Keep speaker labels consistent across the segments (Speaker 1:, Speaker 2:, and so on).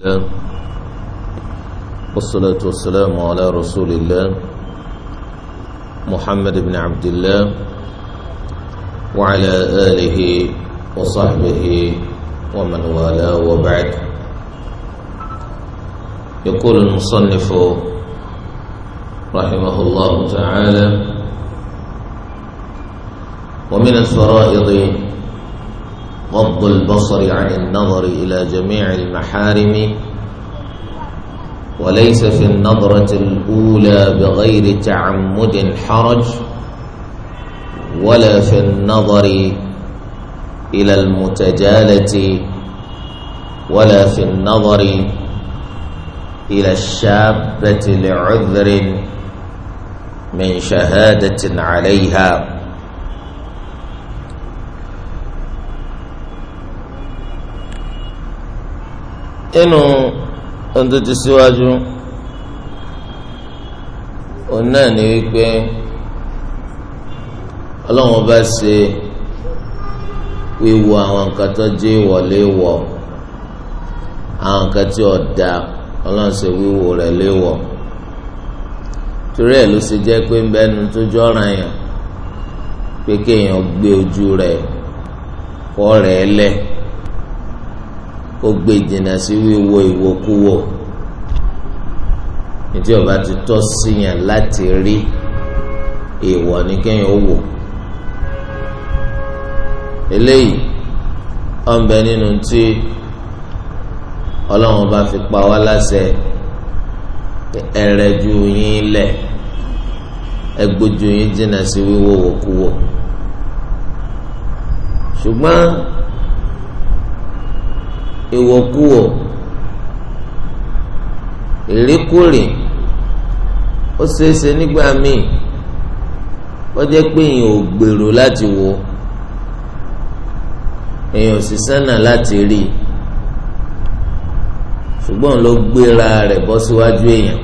Speaker 1: الله والصلاة والسلام على رسول الله محمد بن عبد الله وعلى آله وصحبه ومن والاه وبعد يقول المصنف رحمه الله تعالى ومن الفرائض غض البصر عن النظر إلى جميع المحارم وليس في النظرة الأولى بغير تعمد حرج ولا في النظر إلى المتجالة ولا في النظر إلى الشابة لعذر من شهادة عليها inú ohun siwaju, ti síwájú òun náà ni wípé ọlọ́run ọba ṣe wíwo àwọn nǹkan tó jẹ́ ìwọ̀lé wọ̀ àwọn nǹkan tí ò ọlọ́run ṣe wíwo rẹ̀ léwọ̀ torí ẹ̀ ló ṣe jẹ́ pé ń tó yàn pé kéèyàn gbé kó gbé jìnnà sí wíwo ìwòkuwò ètí ọba ti tọ́ síyàn láti rí èèwọ̀ ní kéèyàn ó wò eléyìí ọ̀nbẹ nínú tí ọlọ́run bá fi pa wá láṣẹ ẹrẹ́jú yín lẹ̀ ẹgbójú yín jìnnà sí wíwo òkúwò ṣùgbọ́n ìwòkuwò ìríkùrì ó ṣeéṣe nígbà míì ó jẹ́ pé èèyàn ò gbèrò láti wò èèyàn ò sì sánà láti rí i ṣùgbọ́n ló gbéra rẹ̀ bọ́ síwájú èèyàn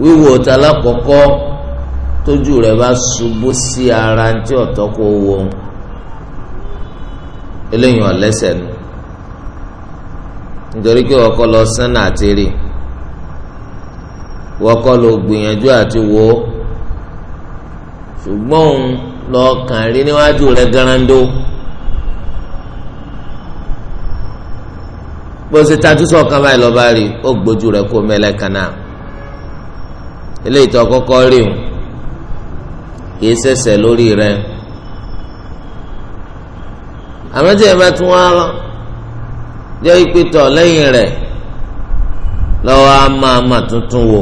Speaker 1: wíwò tala kọ̀kọ́ tójú rẹ̀ bá ṣubú sí ara tí ọ̀tọ́ kò wọ́n eléyìí wọn lẹ́sẹ̀ nù nítorí pé ọkọ lọ sánà àti rí wọkọ lọ gbìyànjú àti wò ó ṣùgbọ́n òun lọ kàn rí níwájú rẹ garando bó ṣe tajú sọ̀kan báyìí lọ́ba rí ó gbójú rẹ̀ kó eléyìí tó rí àmọ́ tí ẹ bá tún wá jẹ́ ipe tọ̀ lẹ́yìn rẹ̀ lọ́wọ́ á máa mà tuntun wò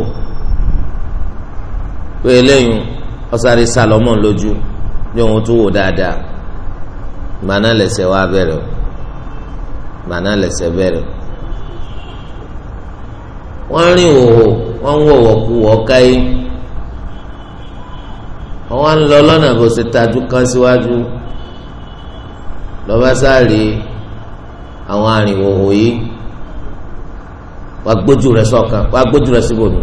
Speaker 1: pé eléyìí Salomon lójú ní òun wò dáadáa màánà wá bẹ̀rẹ̀ o màánà lẹ̀sẹ̀ bẹ̀rẹ̀ o wọ́n rìn òhò wọ́n ń wọ̀wọ̀ kú ọ̀káyé wọ́n ń lọ lọ́nà bó ṣe tajú lọ́ba sáré àwọn arìnwòwò yìí wàá gbójú rẹ̀ sọ́kàn wàá gbójú rẹ̀ síbòmí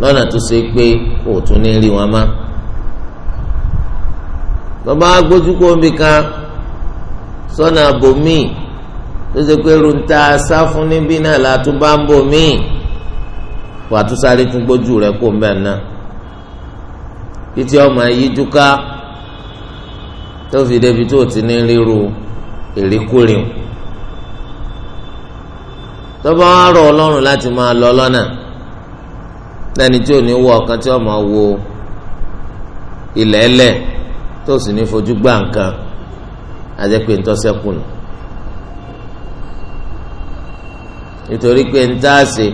Speaker 1: lọ́nà tó ṣe pé òtún ní rí wọn má lọ́ba gbójú kó omi kan sọ́nà àbòmíì tó ṣe pé runta sá fún níbí náà látúbá ń bòmíì wàá tún sáré tún gbójú rẹ̀ kó mbẹ́ náà títí ọmọ yíjú ká tó fi débi tó ti ní ríru èríkúrin tó bá wá rọ ọlọ́run láti máa lọ lọ́nà lẹ́ni tí ò ní wọ ọ̀kan tí ó máa wo ilẹ̀ ẹlẹ̀ tó sì ní fojú gbà nǹkan àjẹpẹ́ pé ń tá a ṣe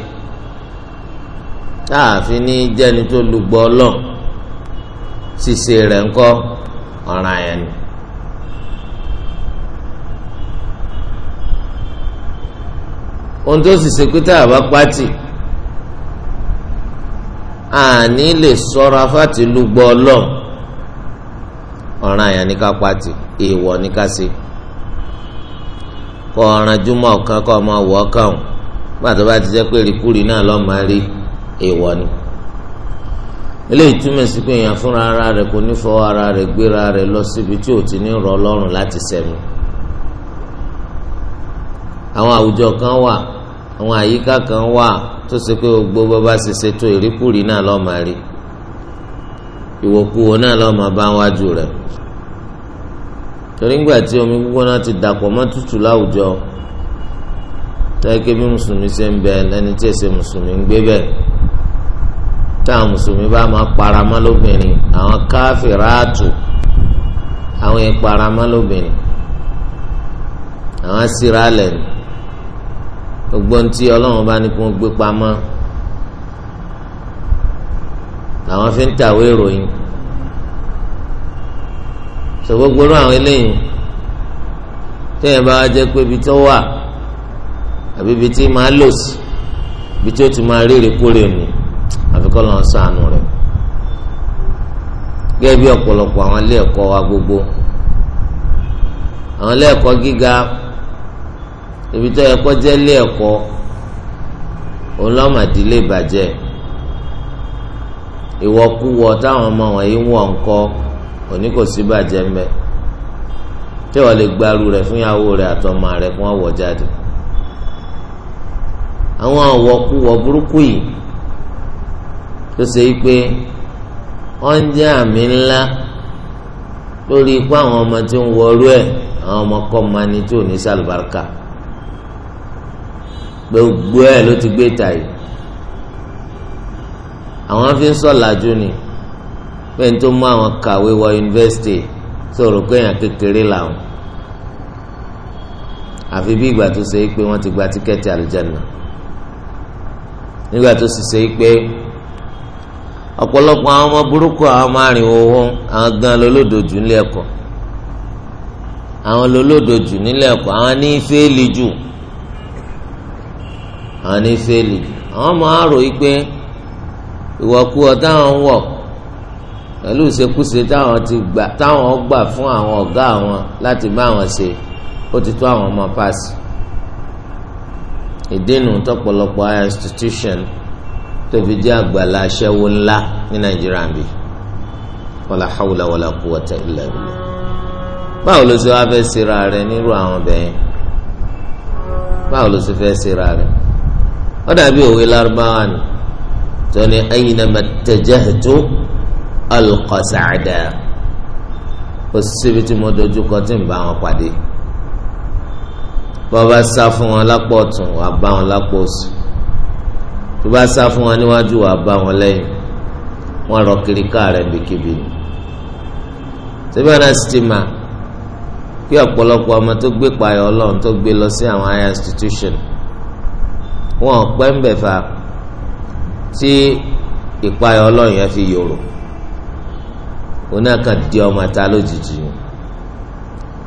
Speaker 1: tá a fi ní jẹ́ni tó lùgbọ́ ọlọ́run rẹ̀ ńkọ́ ọ̀ràn yẹn ni. ohun tó sì ṣe pé tá a bá pátì àní lè sọ́ra fáti lúgbọ́ ọlọ́run ọ̀ràn àyàn ní ká pátì èèwọ̀ ní ká ṣe kọ́ ọ̀ràn júmọ̀ ọ̀kan kọ́ ọmọ wọ̀ ọ̀kan o gbàtọ́ bá ti jẹ́ pé rìkúrì náà lọ́ọ́ máa rí èèwọ̀ ni eléyìí túmọ̀ sí pé èèyàn fúnra ara rẹ̀ kò ní fọwọ́ ara rẹ̀ gbéra rẹ̀ lọ síbi tí ò ti ní rọ ọlọ́run láti sẹ́mi àwọn àwùjọ kan wà àwọn àyíká kan wà tó ṣe pé gbogbo bàbá ṣe ṣètò ìríkùrí náà lọ́ọ́ máa rí ìwòkuwò náà lọ́ọ́ máa bá wájú rẹ̀ torí ńgbà tí omi gbígbóná ti dàpọ̀ mọ́ tútù láwùjọ tẹ́kẹ́ bí mùsùlùmí ṣe ń bẹ lẹ́ni tí èsè mùsùlùmí ń gbé bẹ̀ táwọn mùsùlùmí bá máa paramọ́ lóbìnrin àwọn káfíráàtù àwọn ìparamọ́ lóbìnrin àwọn síralẹ̀ ni gbogbo ohun tí ọlọ́run bá ní kí wọ́n gbé pamọ́ làwọn fi ń tàwé ìròyìn sọ gbogbo inú àwọn eléyìí téèyàn bá wá jẹ́ pé ibi tó wà àbí ibi tí máa lò sí ibi tí ó ti máa rí ìrèkúrè nù àfikọ́ lọ́n sànù rẹ̀ gẹ́gẹ́ bí ọ̀pọ̀lọpọ̀ àwọn ilé ẹ̀kọ́ wa gbogbo àwọn ilé ẹ̀kọ́ gíga ibi tó yẹ kó jẹ́ ilé ẹ̀kọ́ ọlọ́màdílé bàjẹ́ ìwọ̀kuwọ̀ táwọn ọmọ wọ̀nyí ń wọ̀ ńkọ́ òní kò sí bàjẹ́ mbẹ́ tí wọ́n lè gbaru rẹ̀ fún ìyàwó rẹ̀ àtọmọ rẹ̀ kí wọ́n jáde àwọn ìwọ̀kuwọ̀ burúkú yìí tó ṣe é pé wọ́n ń jẹ́ àmì ńlá lórí ipá àwọn ọmọ tí ń wọrú ẹ̀ àwọn ọmọ kọ́ mani tí ò ní sàlùbáríkà gbogbo ẹ̀ ló ti gbé ta yìí àwọn fi ń sọ̀làjú ni pé n tó mú àwọn kàwé wọ yunifásitì sọ̀rọ̀ pé èèyàn kékeré làwọn àfi bí ìgbà tó ṣe é pé wọ́n ti gba tíkẹ́ẹ̀tì àlùjánnà nígbà tó sì ṣe é pé ọ̀pọ̀lọpọ̀ àwọn ọmọ burúkú àwọn ọmọ arìnwó wọn àwọn gan lolódojù nílé ẹ̀kọ́ àwọn lolódojù nílé ẹ̀kọ́ àwọn ní fẹ́ẹ́lì jù àwọn ní sẹ́ẹ̀lì àwọn ọmọ àrò yìí pé ìwọ̀kú ọ̀tá àwọn wọ̀ pẹ̀lú ìṣekúṣe táwọn ti gbà táwọn gbà fún àwọn ọ̀gá àwọn láti bá àwọn ṣe ó ti tó àwọn ọmọ paasi ìdènà tọ̀pọ̀lọpọ̀ higher institution tó fi jẹ́ àgbàlá aṣẹ́wó ńlá ní nàìjíríà bíi wàlá hawla wàlá quwwata illa billah báwo ló ṣe wá fẹ́ ṣera rẹ nírú àwọn bẹ́ẹ̀ báwo ló ṣe fẹ́ ṣera rẹ ó dàbí òwe lárúbáwá ni tó ní aynama tajahtu alqa sa'da kò síbi tí mo dojú kọ tí n bá wọn pàdé bó bá sá fún wọn lápò ọ̀tún wà bá wọn lápò òsì tó bá sá fún wọn níwájú wà bá wọn lẹ́yìn wọn rọ kiri káàrẹ̀ bíkíbi ni síbẹ̀ náà sì kí ọ̀pọ̀lọpọ̀ ọmọ tó gbé payọ̀ ọlọ́run tó gbé lọ sí àwọn higher institution wọn pẹ́ ń bẹ̀ fa tí ìpayà ọlọ́run yẹn fi yòrò òun náà kàn di ọmọ ta lójijì ni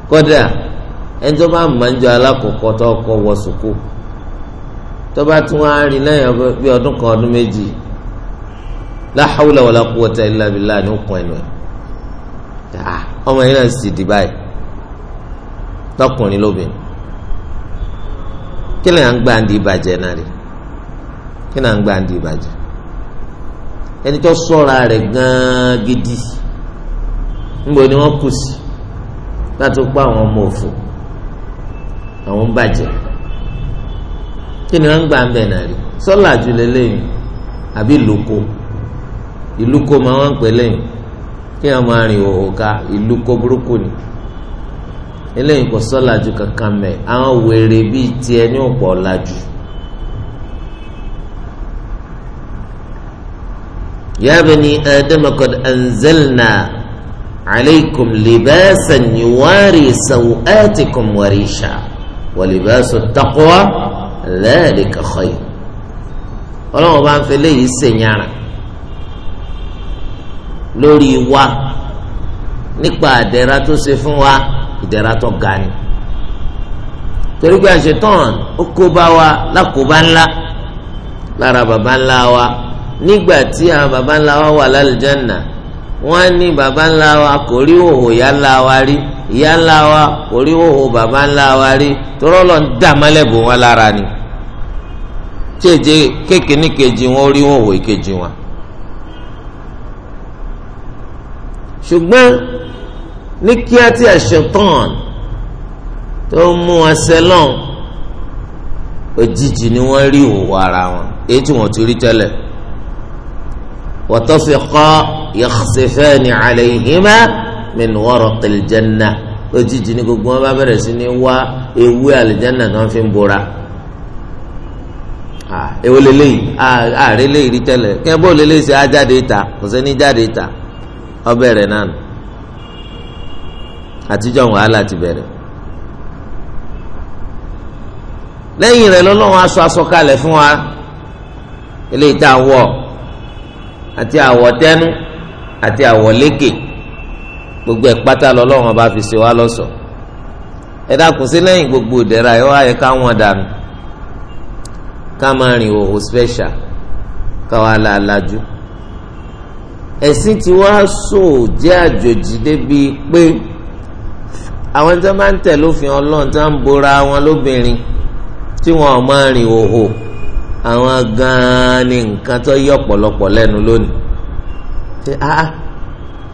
Speaker 1: kódà ẹni tó bá máa ń jọ alákọ̀ọ́kọ́ tó kọ́ wọ sùkú tó bá tún wá rìn lẹ́yìn bí ọdún kan ọdún méjì la hawla wala quwwata illa billah ní òkun ẹnu ẹ̀ ọmọ yìí náà sì dì báyìí tọkùnrin lóbìnrin kí ni à ń gbàǹdì ìbàjẹ́ náà rí kí à ń ìbàjẹ́ ẹni tó sọ́ra rẹ̀ gan-an gidi níbo ni wọ́n kù sí láti pa ọmọ òfò àwọn bàjẹ́ kí ni wọ́n ń gbà ń náà rí sọ́là àjùlẹ̀ lẹ́yìn àbí ìlúko ìlúko máa wọ́n ń pè lẹ́yìn kí wọ́n máa eléyìí kò sọ́làjú kankan mẹ́ àwọn wèrè bíi tiẹ̀ ní ọ̀pọ̀ ọ̀làjú. ya bani adama qad anzalna alaykum libasan yuwari sawatikum warisha wa libasu taqwa dhalika khayr. ọlọ́wọ́n bá ń fẹ́ léyìí sènyára lórí wa nípa àdẹ́ra tó ṣe fún wa ìdẹ̀ra tó ga ni torí pé àṣetán ó kóbá wa lákòóbá ńlá lára baba ńlá wa nígbà tí àwọn baba ńlá wa wà lálùjánnà wọ́n ní baba ńlá wa kò rí òhò ìyá ńlá wa rí ìyá ńlá wa kò rí òhò baba ńlá wa rí torọ́ lọ ń dà mọ́lẹ́bù wọn lára ni tètè kékeré kejì wọn rí òhò ìkejì wọn. ṣùgbọ́n ní kíá tí àṣetán tó mú wọn sẹlọ̀n òjijì ni wọ́n rí òwò ara wọn èyí tí wọ́n ti rí tẹ́lẹ̀ wọ́tọ́fẹ́kọ́ yakhsifani alayhima min waraqil janna òjijì ni gbogbo wọn bá bẹ̀rẹ̀ sí ní wá ewé àlìjánà tó ń fi ń bora ewo leleyi ààrẹ lè rí tẹ́lẹ̀ kí bó leleyi ṣe á ìta kò sẹ́ni jáde ìta ọbẹ̀ rẹ̀ náà àtijọ́ wàhálà ti bẹ̀rẹ̀ lẹ́yìn rẹ̀ lọ́lọ́run aṣọ aṣọ kalẹ̀ fún wa eléyìí tá a wọ̀ àti àwọ̀ tẹ́nu àti àwọ̀ lékè gbogbo ẹ̀ pátá lọ́lọ́run ọba fi ṣe wá lọ́ṣọ̀ọ́ ẹ dákun sí lẹ́yìn gbogbo ìdẹ̀ra ẹ̀ wá yẹ káwọn dànù ká máa rìn òhò special káwa la lajú ẹ̀sìn tí wàá jẹ́ àjòjì débi pé àwọn tí wọn bá ń tẹ̀ lófin Ọlọ́run tí wọn ń bora wọn lóbìnrin tí wọn ò máa rìn òhò àwọn gan-an ni nǹkan tó yí ọ̀pọ̀lọpọ̀ lẹ́nu lónìí ṣe ah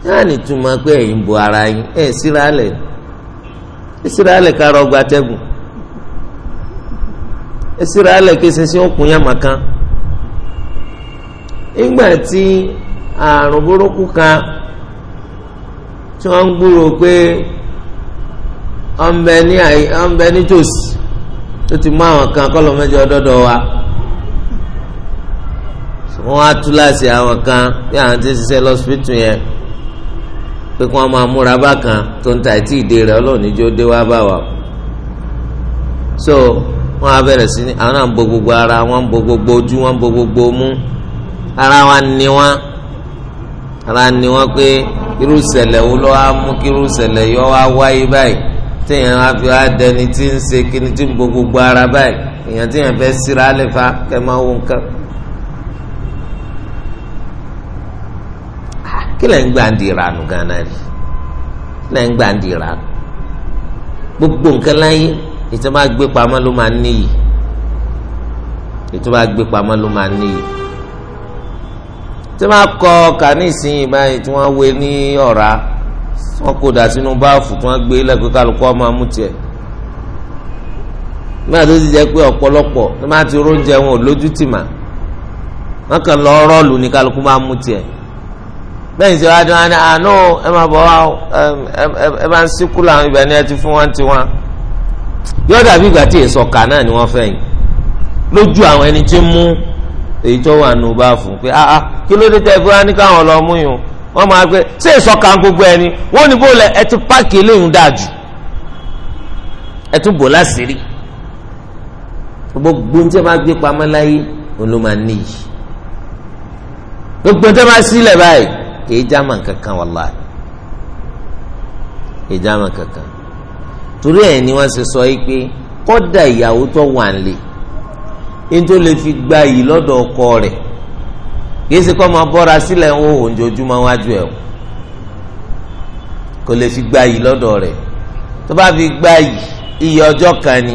Speaker 1: yáà ní túmọ̀ pé ẹ̀yin bo ara yín ẹ̀ síra lẹ̀ ẹ̀ síra lẹ̀ ká rọgba tẹ́gùn ẹ̀ síra lẹ̀ kí sinsin òkun yàmà kan nígbà tí àrùn burúkú kan tí wọ́n ń gbúrò pé ọ̀nbẹ ní àyè ọ̀nbẹ nítòsí tó ti mú àwọn kan kọ́lọ́ mẹ́jọ ọ̀dọ́dọ̀ wa wọ́n á tú láti àwọn kan bí àwọn ti ṣiṣẹ́ lọ́sibítù yẹn pé kí wọ́n máa múra bákan tó ń ta ẹtí ìdè rẹ̀ ọlọ́ọ̀ni jó dé wá bá wa so wọ́n á bẹ̀rẹ̀ sí ní àwọn náà ń bo gbogbo ara wọ́n ń bo gbogbo ojú wọ́n ń bo gbogbo mú ara wa ni wọ́n ara ni wọ́n pé irú ìṣẹ̀lẹ̀ wo ló wá mú kí irú ìṣẹ̀lẹ̀ yọ wá wáyé báyìí téèyàn á fi wá dẹni tí ń ṣe kíni tí ń bo gbogbo ara báyìí èèyàn téèyàn fẹ́ síra lè fa kẹ́ máa wo nǹkan. kí lẹ́ ń gbà ń di ìranù gánà rí lẹ́ gbà ń di ìranù gbogbo nǹkan láyé ètò máa gbé pamọ́ ló máa níyì ètò máa gbé pamọ́ ló máa níyì tí wọ́n kọ́ ọkà ní ìsinyìí báyìí tí wọ́n wé ní ọ̀ra wọn kó dà sínú báàfù tí wọn gbé lẹgbẹ kálukú ọmọ amútiẹ nígbà tó ti jẹ pé ọ̀pọ̀lọpọ̀ tó máa ti róúnjẹ wọn lójú tì mà wọn kàn lọ rọọlù ní kálukú máa mú tiẹ bẹ́ẹ̀ ṣe wáá dún ni àánú ah, ẹ máa bọ̀ wá ẹ máa ń síkú làwọn ibẹ̀ ni ẹ ti fún wọn ti wọn yóò dàbí ìgbà tí èso náà ni wọ́n fẹ́ yìí lójú àwọn ẹni tí ń mú èyí tó wà nù bá fún pé ah ah kí ló dé tẹ́ fún wa ní káwọn lọ mú yìí o wọ́n máa gbé ṣé ìsọ̀kan gbogbo ẹni wọ́n ní bóòlù ẹ tún páàkì eléyìí dáa jù ẹ tún bò láṣìírí gbogbo ní tí wọ́n máa gbé pamọ́ láyé òun ló máa níyì gbogbo ní tí wọ́n máa sílẹ̀ báyìí kìí jámà kankan wàláì kìí jámà kankan torí ẹ̀ ni wọ́n ṣe sọ yìí pé kọ́dà ìyàwó tó wà ń lè ní tó lè fi gba yìí lọ́dọ̀ ọkọ rẹ̀ kìí ṣe kọ́ máa bọ́ra sílẹ̀ ń hòhò ojoojúmọ́ wájú ẹ̀ kò lè fi gba yìí lọ́dọ̀ rẹ̀ tó bá fi gba yìí iyì ọjọ́ kan ni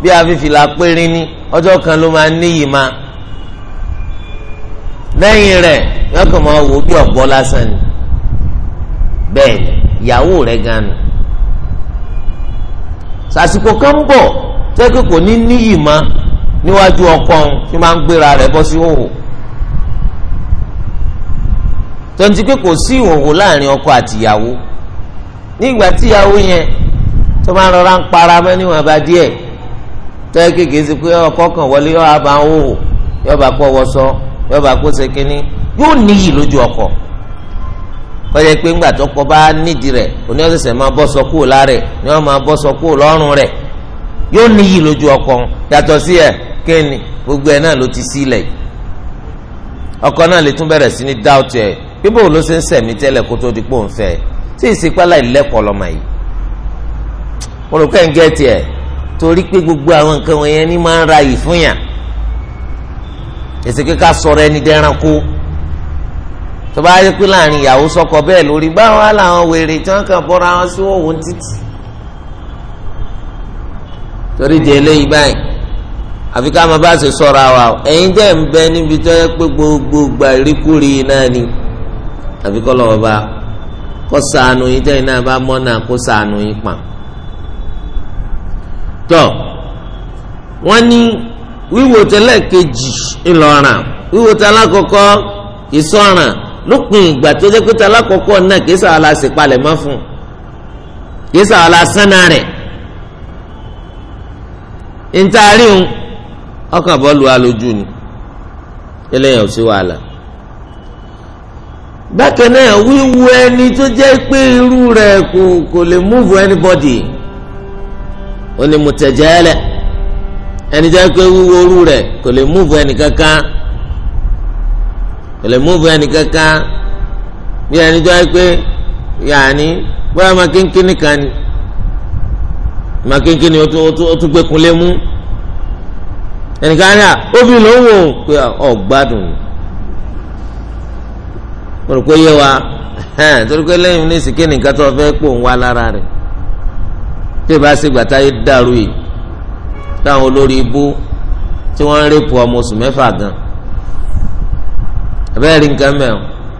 Speaker 1: bí afífìlà péré ní ọjọ́ kan ló máa níyì ma lẹ́yìn rẹ̀ yọ kàn máa wò bí ọ̀bọ lásán ni bẹ́ẹ̀ ìyàwó rẹ̀ gan ni sàsìkò kan ń bọ̀ tẹ́kẹ́ ní níyì ma níwájú ọkọ òun tí máa ń gbéra rẹ̀ bọ́ sí hòhò. Si tonti pé kò sí ìhòòhò láàrin ọkọ àtìyàwó nígbà tíyàwó yẹn tó máa rọra ń para mọ́ níwọ̀n bá díẹ̀ tó yẹ kéèké sí pé ọkọ kan wọlé yọ àbá ń hòhò yọ bá kó yọ bá kó yóò níyì lójú ọkọ kọjá pé ńgbà tó kọ bá nídìí òní máa sọ kúrò ni ọkọ sí gbogbo náà ló ti ọkọ náà lè tún bíbò ló ṣe ń sẹ̀mí tẹ́lẹ̀ kó tó di pò ń fẹ́ tí ìsìnkpálá ìlẹ́kọ̀ọ́ lọ́mọ yìí mo rò pé ń gẹ́ tiẹ̀ torí pé gbogbo àwọn nǹkan wọ̀nyẹn ni máa ń ra yìí fún yàn èsì kíkà sọ̀rọ̀ ẹni dẹ́ranko tó bá yẹ pé láàrin ìyàwó sọkọ bẹ́ẹ̀ lórí báwọn á làwọn wèrè tí wọ́n kàn bọ́ra wọn sí òun títì torí di eléyìí báyìí àfi ká máa bá ṣe sọ̀rọ̀ àwa ẹ̀yin jẹ́ ń bẹ níbi tó yẹ pé gbogbo gbà ìríkúri náà ni. àbí kọ́ lọ́wọ́ bá kọ́ sànù yín tẹ́yìn náà bá mọ́ náà kó sànù yín pa. tọ́ wọ́n ní wíwò tẹ́lẹ̀ kejì ńlọràn wíwò tẹ́lẹ̀ kọ́kọ́ ìsọ̀ràn lópin ìgbà tó jẹ́ pé tẹ́lẹ̀ kọ́kọ́ náà fún sàwọn rẹ̀ ntaari ń ọkàn bọ́ lu alójú ni eléyàn ò sí wàhálà. bákan náà wíwu ẹni tó jẹ́ pé irú rẹ̀ kò kò lè move anybody ó ní mutajala ẹni jẹ́ pé wíwu orú rẹ̀ kò lè move ẹnìkankan kò lè move ẹnìkankan bí ẹni tó pé yàní bóyá máa kínkínní ni máa kínkínní ó tún gbẹkùn lé mú ẹnìkan ní à ó fi lòun wò ó pé ni. mo rò pé wa torí pé lẹ́yìn ní ìsìnkí nìkan tó fẹ́ pò ń wá lára rẹ̀ tí ìbá sì gbà táyé dàrú yìí táwọn olórí ibú tí wọ́n ń rèpò ọmọ oṣù mẹ́fà gan rí nǹkan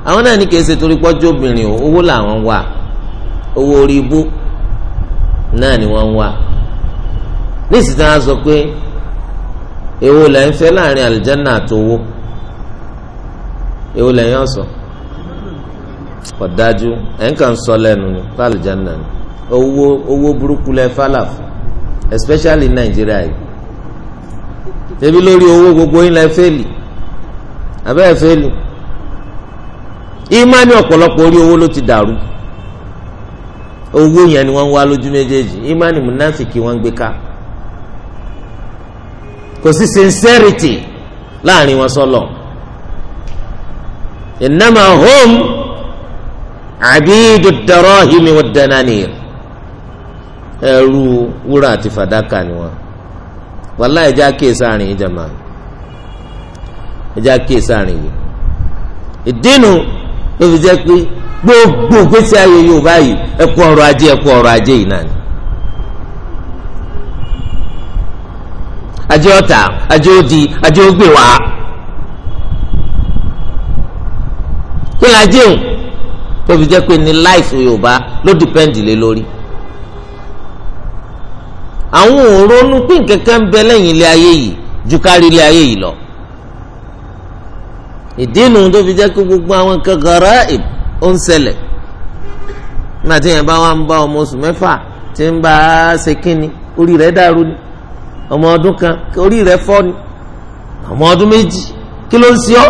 Speaker 1: àwọn náà ní torí pọ́jú obìnrin owó làwọn wà owó orí ibú náà wọ́n ń wà tí wọ́n sọ pé èwo lẹ́yìn fẹ́ láàrin èwo lẹ́yìn ọ̀sán. kò dájú ẹ̀ ń kàn sọ lẹ́nu ní pàlì jẹ́nà ni owó owó burúkú lẹ́ fálàf especially nàìjíríà yìí tẹ́bí lórí owó gbogbo yín lẹ́ fẹ́lì abẹ́ẹ̀ fẹ́lì ìmánì ọ̀pọ̀lọpọ̀ orí owó ló ti dàrú owó yẹn ni wọ́n ń wá lójú méjèèjì ìmánì múnáfìkì wọ́n ń gbé ká kò sí sincerity láàrin wọn sọlọ ìnáma home abidu darahimi wa dananir ẹrú wúrà àti fàdákà ni wọn wàláhì ẹjẹ àkíyèsí àárín ìjàmbá ẹjẹ àkíyèsí àárín yìí ìdínú ló fi jẹ pé gbogbo gbèsè ayé yorùbá yìí ẹkú ọrọ̀ ajé ẹkú ọrọ̀ ajé yìí náà ni. ajé ọ̀tà ajé òdì ajé ògbè kí ni ajé òun. o fi jẹ́ pé ní láìfù yorùbá ló dìpẹ́ǹdì lé lórí. àwọn òrónú pín kẹ̀kẹ́ ń bẹ lẹ́yìn ilé ju kárí ilé ayé yìí lọ. ìdí nu fi pé gbogbo àwọn nǹkan gọ̀ọ́rọ́ ń ṣẹlẹ̀ nígbà tí yẹn bá wà ń bá ọmọ oṣù mẹ́fà tí ń a ṣe kínni orí rẹ̀ ni ọmọ ọdún kan orí rẹ̀ fọ́ ni ọmọ ọdún méjì kí ló ń ṣe ọ́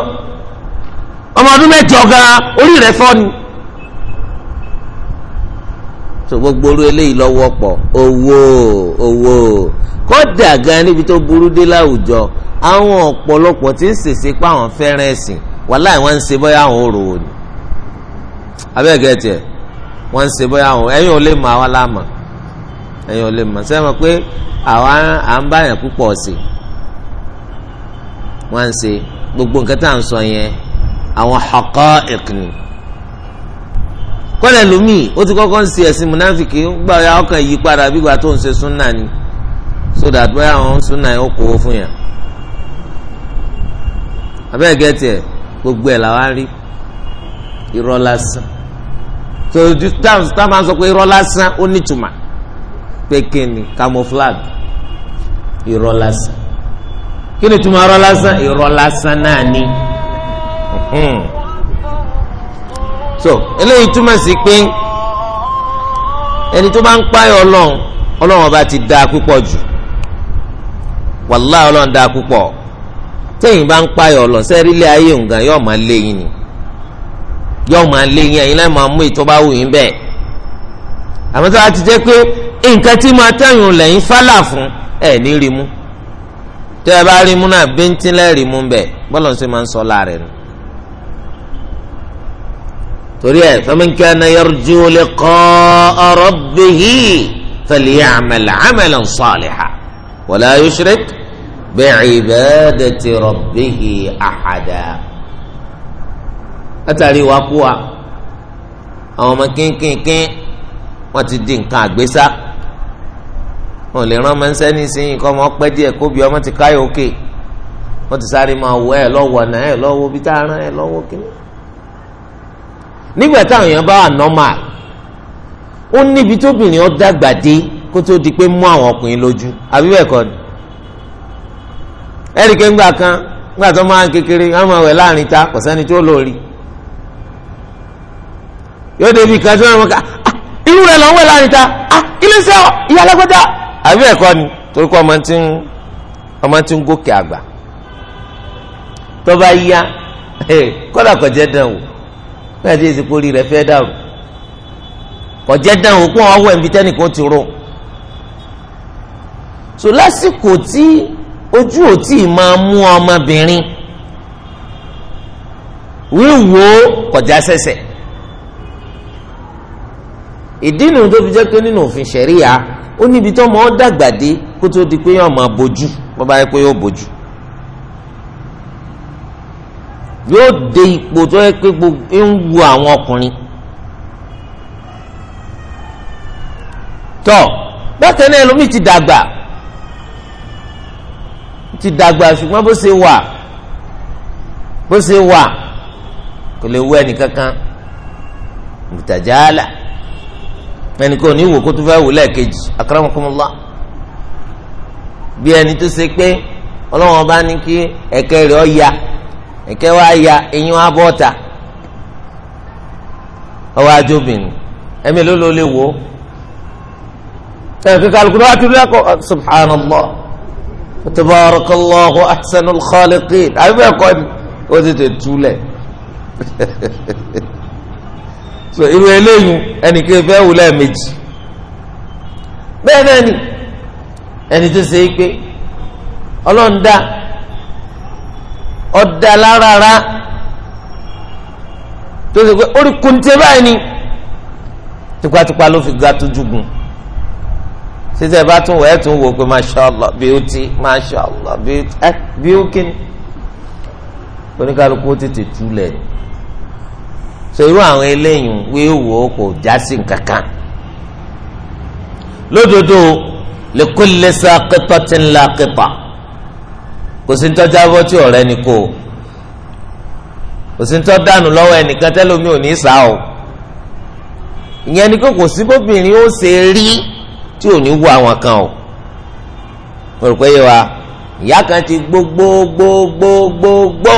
Speaker 1: ọmọ ọdún mẹ́jọ gan orí rẹ̀ ni. so gbogbo orú eléyìí lọ́wọ́ pọ̀ owó owó kódà gan níbi tó burú dé láwùjọ àwọn ọ̀pọ̀lọpọ̀ tí ń ṣèṣe pé àwọn fẹ́ràn ẹ̀sìn wàláì wọ́n ń ṣe bóyá àwọn òrò wò ni abẹ́ẹ̀gẹ́ tiẹ̀ wọ́n ń ṣe bóyá àwọn ẹ̀yin ò lè mọ àwa láàmà ẹ̀yin ò lè mọ sẹ́yìn mọ̀ pé àwa à ń báyàn púpọ̀ sí wọ́n ń ṣe gbogbo nǹkan tá à ń sọ yẹn àwọn haqa'iq ni kọ́lẹ̀ lómi ó ti kọ́kọ́ ń ṣe ẹ̀sìn múnáfìkì gba ọ̀yà ọkàn yí padà bígbà tó ń ṣe súnà ni so that bóyá àwọn súnà yẹn ó kó o fún yàn. abẹ́ẹ̀ gẹ́tì ẹ̀ gbogbo ẹ̀ làwa rí irọ́ lásán so táwọn máa ń sọ pé irọ́ lásán ó nítumà pé kí ni camouflage irọ́ lásán kí ni túmọ̀ irọ́ lásán irọ́ lásán náà ni. so eléyìí túmọ̀ sí pé ẹni tó bá ń ọba ti dáa púpọ̀ jù wàláhì ọlọ́run dáa púpọ̀ tẹ́yìn bá ń páyọ̀ ọlọ́run sẹ́rí ilé ayé nǹkan yóò máa lé ni yóò máa lé ẹ̀yin láì máa mú ìtọ́ bá wù yín bẹ́ẹ̀ àmọ́ tó bá ti jẹ́ pé nǹkan tí máa tẹ̀yìn lẹ́yìn fálà fún ẹ̀ ní torí ẹ faman kana yarju liqa'a rabbihi falya'mal 'amalan salihan wala yushrik bi'ibadati rabbihi ahada. látàrí wa kú wa àwọn ọmọ kínkínkín wọ́n ti di nǹkan àgbésá wọ́n lè rán mọ́nsẹ́ nísìnyí kọ́ ọmọ pẹ́ díẹ̀ kóbi ọmọ ti káyọ̀ òkè wọ́n ti sáré máa wọ ẹ̀ lọ́wọ́ náà ẹ̀ lọ́wọ́ bí tá a lọ́wọ́ kíní nígbà táwọn èèyàn bá wà normal ó níbi tóbìnrin ó dàgbà dé kó tó di pé mú àwọn ọkùnrin lójú àbí bẹ́ẹ̀ kọ́ ni ẹ̀ríkẹ́ ńgbà kan ńgbà tó máa ń kékeré wọ́n máa wẹ̀ láàrin ta kò sẹ́ni tó lórí yóò débi kan tó máa ká irú rẹ̀ lọ́wọ́ láàrin ta iléeṣẹ́ ah, ìyá alágbádá àbí bẹ́ẹ̀ kọ́ ni torí kọ́ ọmọ tí ń ọmọ tí ń gòkè àgbà tó bá yá kódà dán wò náà ti èsì kórìí rẹ̀ fẹ́ dàrú kọjẹ́ dáhùn kó wọn wọ ẹ̀mí tẹ́nìkan ti rọ so lásìkò tí ojú ò tí ì máa mú ọmọbìnrin wíwo kọjá sẹsẹ ìdí nu tó fi jẹ́ pé nínú òfin ṣẹ̀ríya ó níbi tó mọ́ dàgbà dé kó tó di pé yóò máa bójú bó bá yẹ pé yóò bójú yóò dé ipò tó yẹ pé gbogbo ń wu àwọn ọkùnrin tọ bákan náà ẹlòmíì ti dàgbà ti dàgbà ṣùgbọ́n bó ṣe wà bó ṣe wà kò lè wú ẹnìkankan mùtàjálà ẹnìkan ò ní wò kó tó fẹ́ wò lẹ́ẹ̀kejì akramakumullah bí ẹni tó ṣe pé ọlọ́wọ́n bá ní kí ẹ̀kẹ́ rẹ̀ ọ́ ya ìkẹ́ wa ya eyín wa bọ́ ta ọwọ́ ajóbìnrin ẹ̀mí ló ló lè wò ó ẹ̀ka kálukú náà tún lẹ́kọ̀ọ́ subhanallah tabarakallahu ahsanul khaliqin àbí ẹ̀kọ́ ni ó tètè túlẹ̀ so irú eléyìí ẹnìkan fẹ́ wù lẹ́ẹ̀mejì bẹ́ẹ̀ náà ni ẹni tó ṣe é pé ọlọ́run dá ọ̀dà lárara tó ṣe pé orí kùntẹ́ báyìí ni tipatipa ló fi ga tó jugun sísè bá tún wọ ẹ tún wò pé masha allah beauty masha allah beauty ẹ beauty oníkàlùkù tètè túlẹ̀ so irú àwọn eléyìí wíwò kò jásí kankan lódodo lèkúlẹsà kẹtọ tí ń la kẹtọ kò sí ntọ́ jábọ́ tí ọ̀rẹ́ ni kò kò sí ntọ́ dànù lọ́wọ́ ẹnìkan tẹ́lómi ò ní sá o ìyẹn ni kò kò sí bóbìnrin ó ṣe rí tí ò ní wú àwọn kan o mo rò pé yé wa ìyá kan ti gbogbogbogbogbò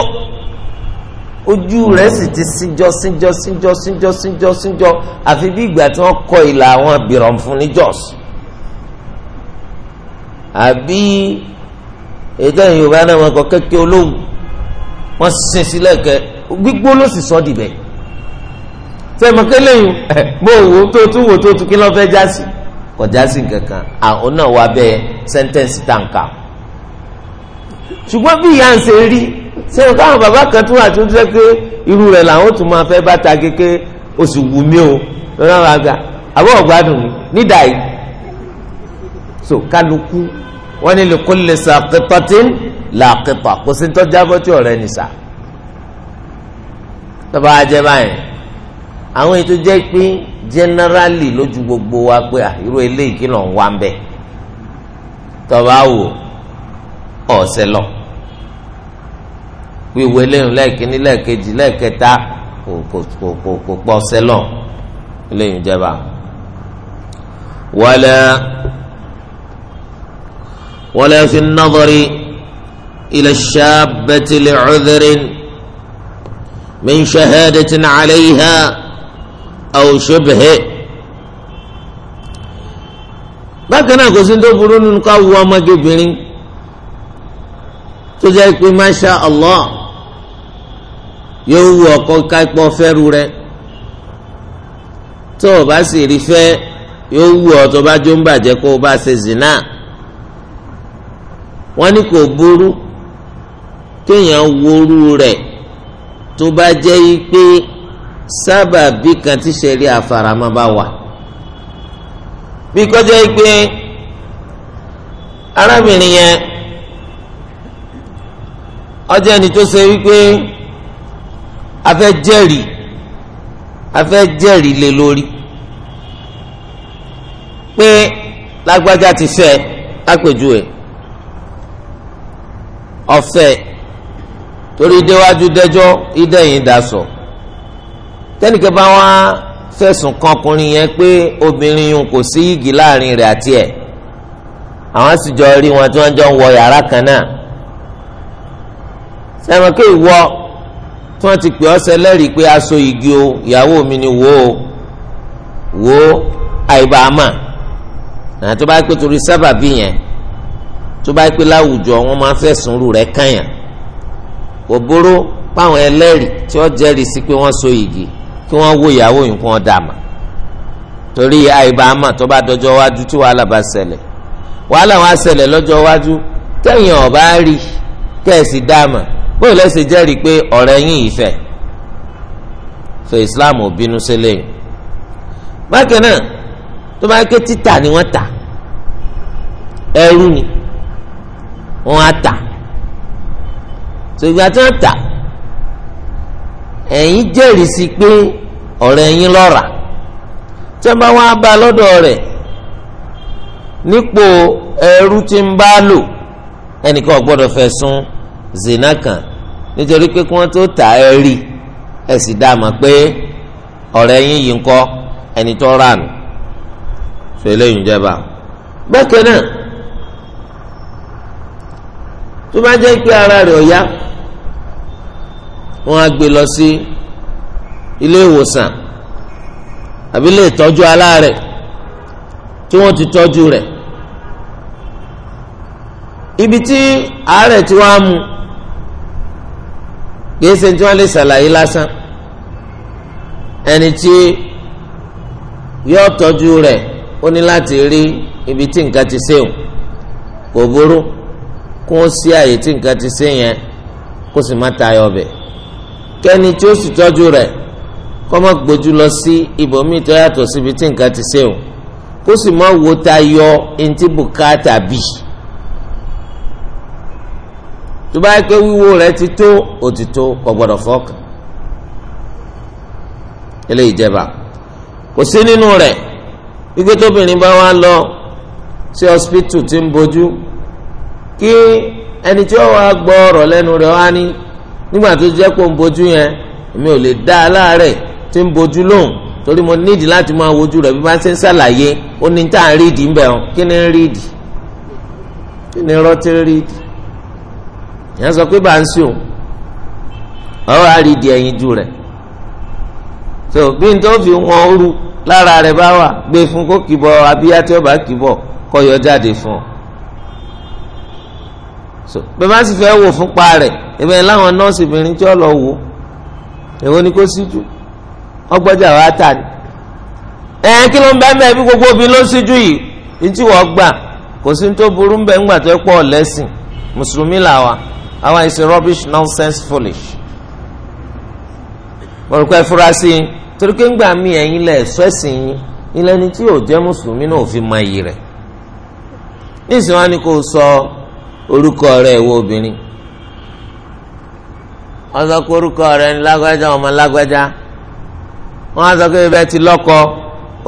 Speaker 1: ojú rẹ̀ sì ti síjọ síjọ síjọ síjọ síjọ síjọ àfi bí ìgbà tí wọ́n kọ ìlà àwọn bìrọ̀ fún ní jọ́s àbí. ètò ẹ̀yìn yorùbá náà wọn kọ kẹ́kẹ́ olóhùn wọn sin sílẹ̀ kẹ gbígbó ló sì sọ dìbẹ̀ sẹ́mi kẹ́lẹ́yìn bó wo tó tún wo tó tún kí lọ́ọ́ fẹ́ já sí kò kankan àwọn náà wà bẹ́ẹ̀ ṣùgbọ́n bí ìyá ń ṣe rí káwọn bàbá kan tún àti oúnjẹ pé irú làwọn tún máa wọ́n ní lìkúlẹ̀ sàkítọ́tì làkítọ́ kò sí tọ́jábọ́ tí ọ̀rẹ́ ní sà tọ́ba ajẹ́ báyìí àwọn ètò jẹ́ pé jẹ́nẹ́rálì lójú gbogbo wa pé ah, irú eléyìí kí lọ́n wá ń bẹ̀ tọ́ba wò ọ̀sẹ̀ lọ wíwo eléyìí lẹ́ẹ̀kínní lẹ́ẹ̀kejì lẹ́ẹ̀kẹta kò pọ̀ ọ̀sẹ̀ lọ eléyìí jẹba wọlé. ولا في النظر إلى الشابة لعذر من شهادة عليها أو شبهه bákan náà kò sí tó burú nínú ká wo ọmọdébìnrin tó jẹ́ pé masha allah yóò wu ọkọ kápọ̀ fẹ́ru rẹ tó o bá sì rí fẹ́ yóò wu ọ tó bá jó ń bàjẹ́ kó o bá ṣe zina wọ́n ní kò burú kéèyàn worú rẹ̀ tó bá jẹ́ yí pé sábàbí kan tí sẹ̀rí àfaramọ́ bá wà bí kọjá yí pé arábìnrin yẹn ọjọ́ ẹni tó ṣe wípé a fẹ́ jẹ́rìí a lé lórí pé lágbájá ti fẹ́ lápèjúwe. La ọ̀fẹ́ torí déwájú dẹjọ́ ìdẹ́yìn dasọ tẹnikẹ́ bá wá fẹ̀sùn kan ọkùnrin yẹn pé obìnrin yìí kò sí igi láàrin rẹ̀ àti ẹ̀ àwọn sì jọ rí wọn tí wọ́n jọ ń wọ yàrá kan náà sẹ́wọ̀n kí ìwọ tí wọ́n ti pè ọ́ sẹlẹ́rìí pé aṣọ igi o ìyàwó mi ni wò ó wò ó àìbá àmà nàá tó bá pé torí sábàbí yẹn tó bá pé láwùjọ wọn máa fẹ̀sùn rú rẹ̀ kàyàn kò burú páwọn ẹlẹ́rìí tí wọ́n jẹ́rìí sí pé wọ́n so igi kí wọ́n wo ìyàwó yìí kí wọ́n dà mà torí àìbámà tó bá dọjọ́ wájú tí wàhálà bá ṣẹlẹ̀ wàhálà wọn ṣẹlẹ̀ lọ́jọ́ wájú tẹ̀yìn ọ̀bá rí kẹ́ẹ̀sì dà mà bóyá lẹ́sẹ̀ jẹ́rìí pé ọ̀rẹ́ yín ìfẹ́ so Islam ò bínú sílẹ̀ yìí bákan náà tó bá ké títà ni wọ́n tà ẹrú ni wọn á tà so ìgbà tí wọn tà ẹ̀yin jẹ́rìí sí pé ọ̀rẹ́ ẹ̀yin lọ́ra tí wọn bá wọn á bá lọ́dọ̀ rẹ̀ nípò ẹrú tí ń bá lò ẹnìkan ò gbọ́dọ̀ fẹ̀sùn zina kan nítorí pé kí wọ́n tó tà ẹ rí ẹ sì dá a mọ̀ pé ọ̀rẹ́ yín yìí ń kọ́ ẹni tó rà nù so eléyìí ń jẹba bákan náà tó bá jẹ́ pé ara rẹ̀ ọ̀yá wọ́n á gbé lọ sí ilé ìwòsàn àbí ilé ìtọ́jú aláàrẹ̀ tí wọ́n ti tọ́jú rẹ̀ ibi tí àárẹ̀ tí wọ́n á mú kìí ṣe tí wọ́n lè ṣàlàyé lásán ẹni tí yóò tọ́jú rẹ̀ ó ní láti rí ibi tí nǹkan ti ṣe ò kò burú kó o sí àyè tí nǹkan ti ṣe yẹn kó sì má tayọ bẹ̀ kẹ́ni tí ó sì tọ́jú rẹ̀ kó má gbójú lọ sí ibòmíì tó yàtọ̀ síbi tí nǹkan ti ṣe o kó sì má wo tayọ ntí bùkátà bì tó bá yẹ pé wíwo rẹ̀ ti tó òtítọ́ kò gbọ́dọ̀ fọkàn eléyìí jẹba kò sí nínú rẹ̀ wípé tóbìnrin bá wá lọ sí ọsibítù tí ń bójú kí ẹni tí ó wá gbọ́ ọ̀rọ̀ lẹ́nu rẹ̀ wá ní nígbà tó jẹ́ kó ń bojú yẹn èmi ò lè dá aláàárẹ̀ tí ń bojú lóhùn torí mo nídìí láti máa wojú rẹ̀ bí bá ṣe ń ṣàlàyé ó ní tá à ń rídìí ń bẹ̀ ọ́n kí ni ń rídìí kí ni rọ́tí rídìí yẹn sọ pé bá ń sùn ọ̀rọ̀ àrídìí ẹ̀yìn ju rẹ̀ so bí n tó fi wọn rú lára rẹ̀ bá wà gbé e fún kó kìbọ̀ abíyá tí ó bá kìbọ̀ kọ́ yọ jáde fún ọ so bẹ́ẹ̀ bá sì fẹ́ wò fúnpa rẹ̀ ẹ̀bẹ̀ láwọn nọ́ọ̀sì obìnrin tí ó lọ wò èwo ni kò síjú ọgbọ́jà wa tà ní. ẹ kí ló ń bẹ́ẹ̀ mẹ́ẹ̀ bí gbogbo obìnrin ló síjú yìí ní tí wọ́n gbà kò sí tó burú ń bẹ ńgbà tó pọ̀ lẹ́sìn mùsùlùmí làwa àwa is rubbish nonsense foolish. mo rò pé fura sí i torí pé ńgbà mí ẹ̀yin lẹ̀ sọ ẹ̀sìn yín ilẹ̀ ni tí yóò jẹ́ mùsùlùmí náà ò fi mọ iyì rẹ̀. níìsín wa ni kò sọ orúkọ rẹ̀ ìwọ obìnrin wọ́n sọ pé orúkọ lágbájá ọmọ lágbájá wọn sọ pé ibẹ̀ ti lọ́kọ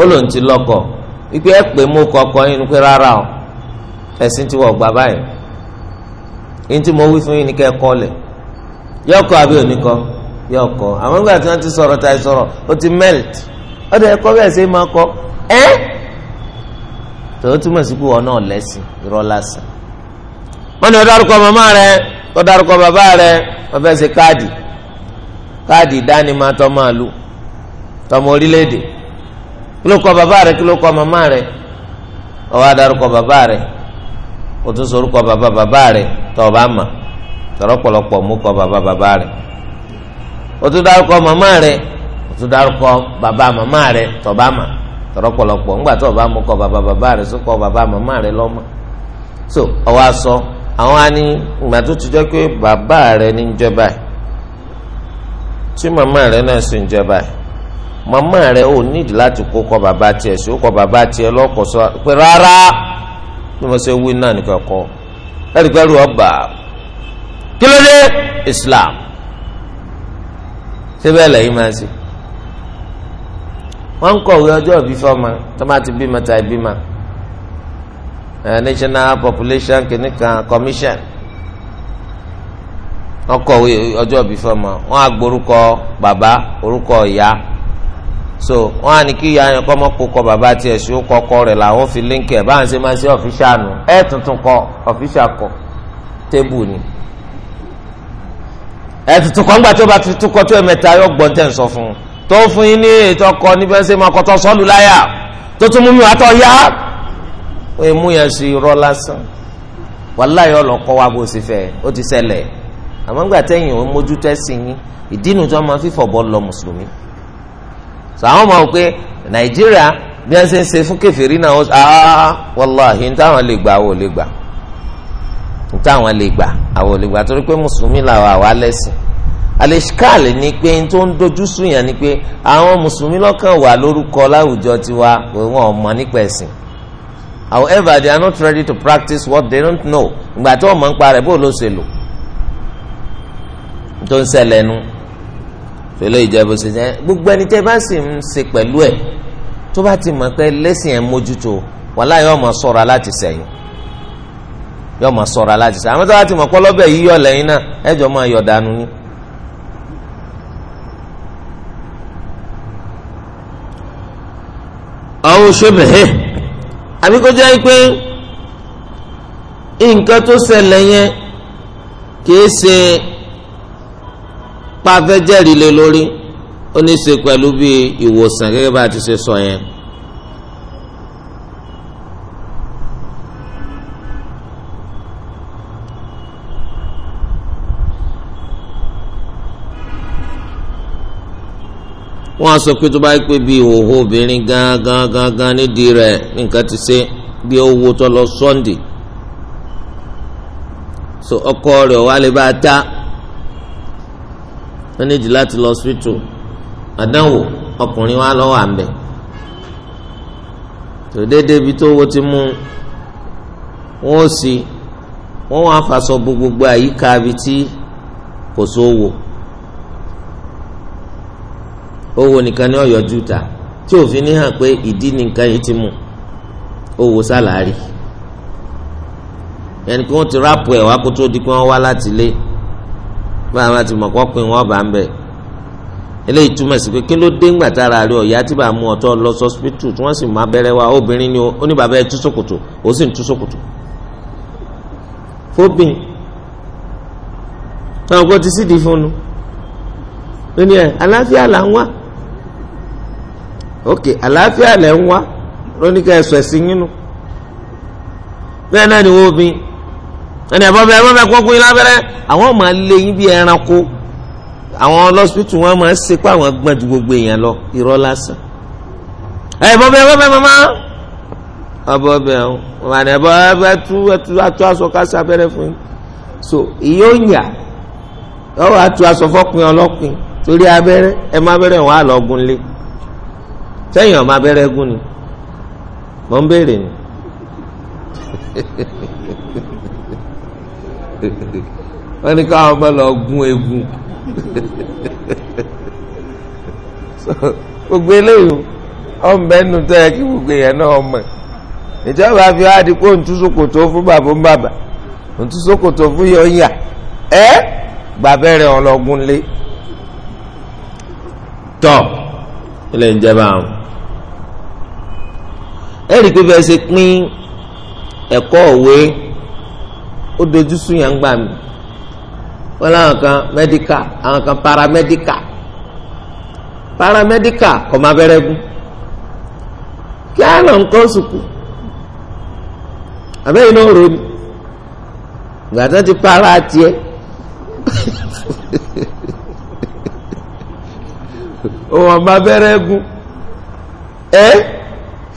Speaker 1: ó lòun ti lọkọ wípé ẹ pè mú kọkọ yín pé rárá o ti wọ gbà báyìí yín tí mo wí fún yín ni kẹ́ ẹ kọ́ yọ ọkọ àbí oníkọ yọ ọkọ àwọn tí ti sọ̀rọ̀ ta ó ti melt wọ́n ní ọ̀dárúkọ màmá rẹ ọ̀dárúkọ bàbá rẹ wọ́n fẹ́ ṣe káàdì káàdì ìdánimọ̀ tọmọ àlù tọmọ orílẹ̀-èdè kí ló kọ bàbá rẹ kí ló kọ màmá rẹ ó wá dárúkọ bàbá rẹ ó tún sọ orúkọ bàbá bàbá rẹ tọ́ ọba mà tọ̀rọ̀ pọ̀lọpọ̀ mú kọ bàbá bàbá rẹ ó tún dárúkọ màmá rẹ ó tún dárúkọ bàbá màmá rẹ tọ́ ọba mà tọ̀rọ̀ pọ̀lọpọ̀ ńgbà tọ́ ọba mú kọ bàbá bàbá rẹ sókọ bàbá màmá rẹ lọ́mọ so ó wá So, àwọn ani ìgbà tó ti jẹ́ pé bàbá rẹ̀ ní jọba ẹ̀ tí màmá rẹ̀ náà sì ń jọba ẹ̀ màmá rẹ̀ ò nídìí láti kó kọ bàbá tiẹ̀ sí ó kọ bàbá tiẹ̀ lọ́kọ̀ sọ pé rárá bí mo ṣe wí náà nìkan kọ ẹ̀rí ọba kí ló dé Islam síbẹ̀ lẹ́yìn máa ṣe wọ́n ń kọ̀wé ọjọ́ ìbí fọ́ọ̀mà tó bá ti bímọ ta ìbímọ. Eh, national population kìnnìkan commission wọn kọ̀wé ọjọ́ bí fọmọ wọn agborúkọ bàbá orúkọ ìyá so wọn á ní kí ìyá yẹn kọ́ mọ́ kó kọ bàbá tiẹ̀ sí ó kọ́kọ́ rẹ̀ làwọn fi líǹkì ẹ̀ báwọn ṣe máa ṣe ọ̀fíṣà nù ẹ̀ tuntun kọ ọ̀fíṣà kọ tébù ni ẹ̀ tuntun kọ́ ńgbà tó bá tuntun kọ tó ẹ̀mẹ́ta yóò gbọ́n tẹ̀ ń sọ fún un tó fún yín ní ètò ọkọ níbẹ̀ ṣe máa kọ́tọ́ sọ́ọ́lù láyà tó tún mú mi wá tọ́ yá. ó yẹ mú yẹn sí irọ́ lásán wàláyé ọlọ́kọ́ wa bó ṣe ó ti sẹlẹ àmọ́ ńgbà tẹ́yìn ò mójútó ẹ̀sìn yín ìdí inú tí wọ́n máa fífọ̀ bọ́ lọ mùsùlùmí sọ àwọn ọmọ pé nàìjíríà bí wọ́n ṣe ń ṣe fún kẹfìrí náà wàláhì ní táwọn lè gbà àwọn ò lè gbà ní táwọn lè gbà àwọn ò lè gbà torí pé mùsùlùmí làwọn àwa n tó ń dojú sùn yẹn ni pé àwọn mùsùlùmí lọ́kàn wà lórúkọ láwùjọ tiwa mọ̀ however they are not ready to practice what they don't know ìgbà tí wọ́n mọ̀ ń pa rẹ̀ bó ló ṣe lò tó ń ṣẹlẹ̀ nu pẹ̀lú ìjẹ́bù ṣe jẹ́ gbogbo ẹni tẹ́ bá sì ń ṣe pẹ̀lú ẹ̀ tó bá ti mọ̀ pé lẹ́sìn ẹ̀ mójútó wàhálà yóò mọ̀ sọ̀ra láti sẹ́yìn yóò mọ̀ sọ̀ra láti sẹ́yìn àmọ́ tó bá ti mọ̀ pọ́lọ́bẹ̀ yíyọ̀ lẹ́yìn náà ẹ̀jọ̀ máa yọ̀ dànù ni. àwọn ṣe bẹ̀ẹ́ àbí kó jẹ́ pé nǹkan tó ṣẹlẹ̀ yẹn kìí ṣe pàfẹ́jẹ́rì lé lórí ó ní í ṣe pẹ̀lú bí ìwòsàn gẹ́gẹ́ bá a ti ṣe sọ yẹn. wọ́n sọ pé tó bá pé bí òhò obìnrin gangan gangan nídìí rẹ̀ nǹkan ti ṣe bí owó tó lọ sọ́ndì so ọkọ rẹ̀ wà lè bá a ta wọ́n nídìí láti lọ hospital àdánwò ọkùnrin wa lọ́wọ́ àmbẹ̀ tó déédéé ibi tó owó ti mú wọn ó sì wọ́n wá fàṣọ bu gbogbo àyíká ibi tí kò sówó. So owó nìkan ni ọ̀yọ́ jù ta tí òfin ní hàn pé ìdí nìkan yìí ti mú owó sálárì yẹnni kí wọ́n ti ráàpù ẹ̀ wá kó tó di pé wọ́n wá láti ilé báwọn láti mọ̀ kọ́ pin wọ́n bá ń bẹ̀ eléyìí túmọ̀ sí pé kí ló dé ńgbà tára rẹ ọ̀yá tí bàá mú ọtọ́ lọ sọ́sìpítù tí wọ́n sì mú abẹ́rẹ́ wá obìnrin ni ó ní bàbá ẹ tú sòkòtò ó sì ń tú sòkòtò fóbìn táwọn kò ti sídìí fún un lónìí ẹ aláfíà là ń wá ok àlàáfíà lẹ ń wá lóníkà ẹsọ ẹsìn yín nù bẹ́ẹ̀ náà ni wọn bí ẹni àbọbẹ àbọbẹ kọkùn yín lábẹ́rẹ́ àwọn máa lé yín bí ẹranko àwọn lọ́sítù wọn máa ń ṣe pé àwọn gbọ́n ju gbogbo èèyàn lọ irọ́ lásán ẹ bọbẹ mama ọbọbẹ ọ wọn àbọ ẹbẹ tú ẹtú atú aṣọ kásá abẹ́rẹ́ fún yín so ìyó ń yà ọwọ atú aṣọ fọkùnrin ọlọkùnrin torí abẹ́rẹ́ ẹ má abẹ́rẹ́ wọn á lọ gúnlé sẹ́yìn ọmọ abẹ́rẹ́ gún ni mò ń béèrè ni wọ́n ní káwọn ọmọ lọ gún egun gbogbo eléyìí ọmọ ẹnu tó yẹ kí gbogbo èèyàn náà mọ̀ ìjọba fi wá di pé òǹtúnṣokòtò fún bàbá ń bàbà òǹtúnṣokòtò fún yọ̀ọ́yà ẹ́ gbàbẹ́rẹ́ ọlọ́gun lé tọ́ ilé ìjẹba àwọn ẹ rí i pé bẹ́ẹ̀ ṣe pín ẹ̀kọ́ òwe ó dojú sùn yàn gbà mí wọn làwọn kan mẹdíkà àwọn kan paramẹdíkà paramẹdíkà kò má bẹ̀rẹ̀ gún kí á lọ nǹkan sùkú àbẹ́yìn náà rò ní gbàtà ti para tiẹ̀ òun ọba bẹ̀rẹ̀ gún ẹ́. Eh?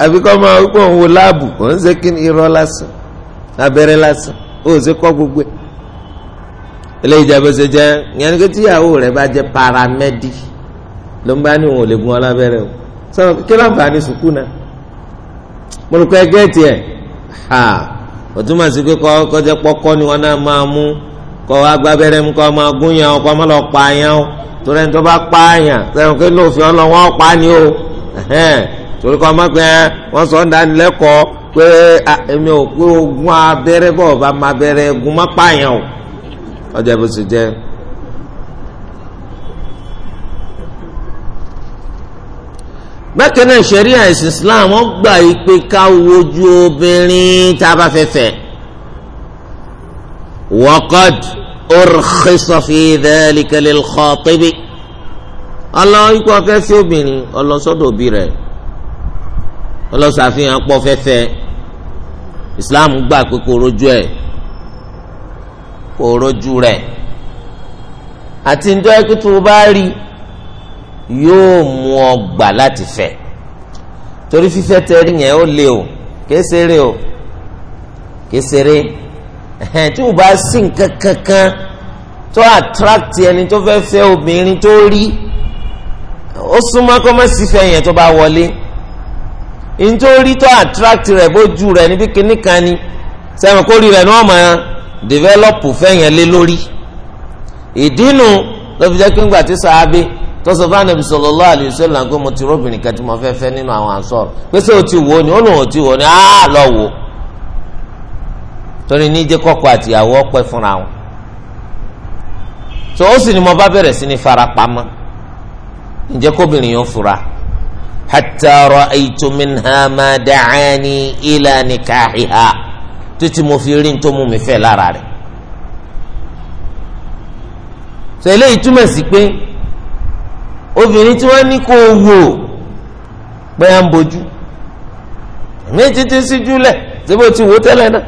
Speaker 1: àfi kọ́ máa wípé òun wo láàbù kò ń ṣe kí ni irọ́ lásán abẹ́rẹ́ lásán ó ṣe kọ́ gbogbo ẹ̀ ilé ìjàmbá ṣe jẹ́ ìyẹn ni pé tíyàwó rẹ̀ bá jẹ́ paramẹ́dì ló ń bá ní òun ò lè gun ọ lábẹ́rẹ́ o sọ kí láǹfààní sùkúù náà mo rò pé ẹgbẹ́ tiẹ̀ ha òtún màsí pé kọ́ kọjá pọ́kọ́ ni wọn náà máa mú kọ́ agbábẹ́rẹ́ mú kọ́ máa gún yàn kọ́ máa lọ pa yàn torí ẹni tó bá pa yàn sẹ́wọ̀n kí torí kọ́ ọmọ pé wọ́n sọ ń dánilẹ́kọ̀ọ́ pé èmi ò pé ogun abẹ́rẹ́ bọ̀ bá máa bẹ̀rẹ̀ ogun má pààyàn o ọjà bó ṣe jẹ́. bákan náà ṣẹ̀ríà ẹ̀sìn Islam wọ́n gbà yí ká wojú obìnrin tá a bá fẹ́ fẹ́ waqad urkhisa fi dhalika lil khatibi ọlọ́ ikú ọkẹ́ obìnrin ọlọ́sọ́dọ̀ òbí rẹ̀ ọlọ́sàfihàn pọ̀ fẹ́fẹ́ islam gbà pé kò rojú ẹ̀ kò rojú rẹ̀ àti ǹjọ́ ẹ̀kú tó o bá rí yóò mú ọ gbà láti fẹ́ torí fífẹ́ tẹ́rí yẹn ó lé o kéṣeré o kéṣeré ẹ̀hẹ́n tí o bá sí nǹkan kankan tó attract ẹni tó fẹ́ fẹ́ obìnrin tó rí ó súnmọ́ kọ́mọ́sífẹ́ yẹn tó bá wọlé. nítorí tó attract rẹ̀ bójú rẹ̀ níbi kíní kan ni sẹ́wọ̀n rí rẹ ni wọ́n máa develop fẹ́yàn lé lórí ìdínú ló fi jẹ́ pé ńgbà tí sàábé tó sọ fún anabi ti kan tí mo fẹ́ fẹ́ nínú àwọn àǹsọ̀rọ̀ ni ó lòun ni áá lọ torí àtìyàwó fúnra wọn tó sì ni mo bá bẹ̀rẹ̀ sí ni farapamọ́ ǹjẹ́ fura. hatta ra'aytu minha ma da'ani ila nikahiha títí mo fi rí nítorí mo mi fẹ́ lára so sọ eléyìí túmọ̀ sí o wò pé ń bojú èmi títí sí júlẹ̀ tí mo ti wò tẹ́lẹ̀ náà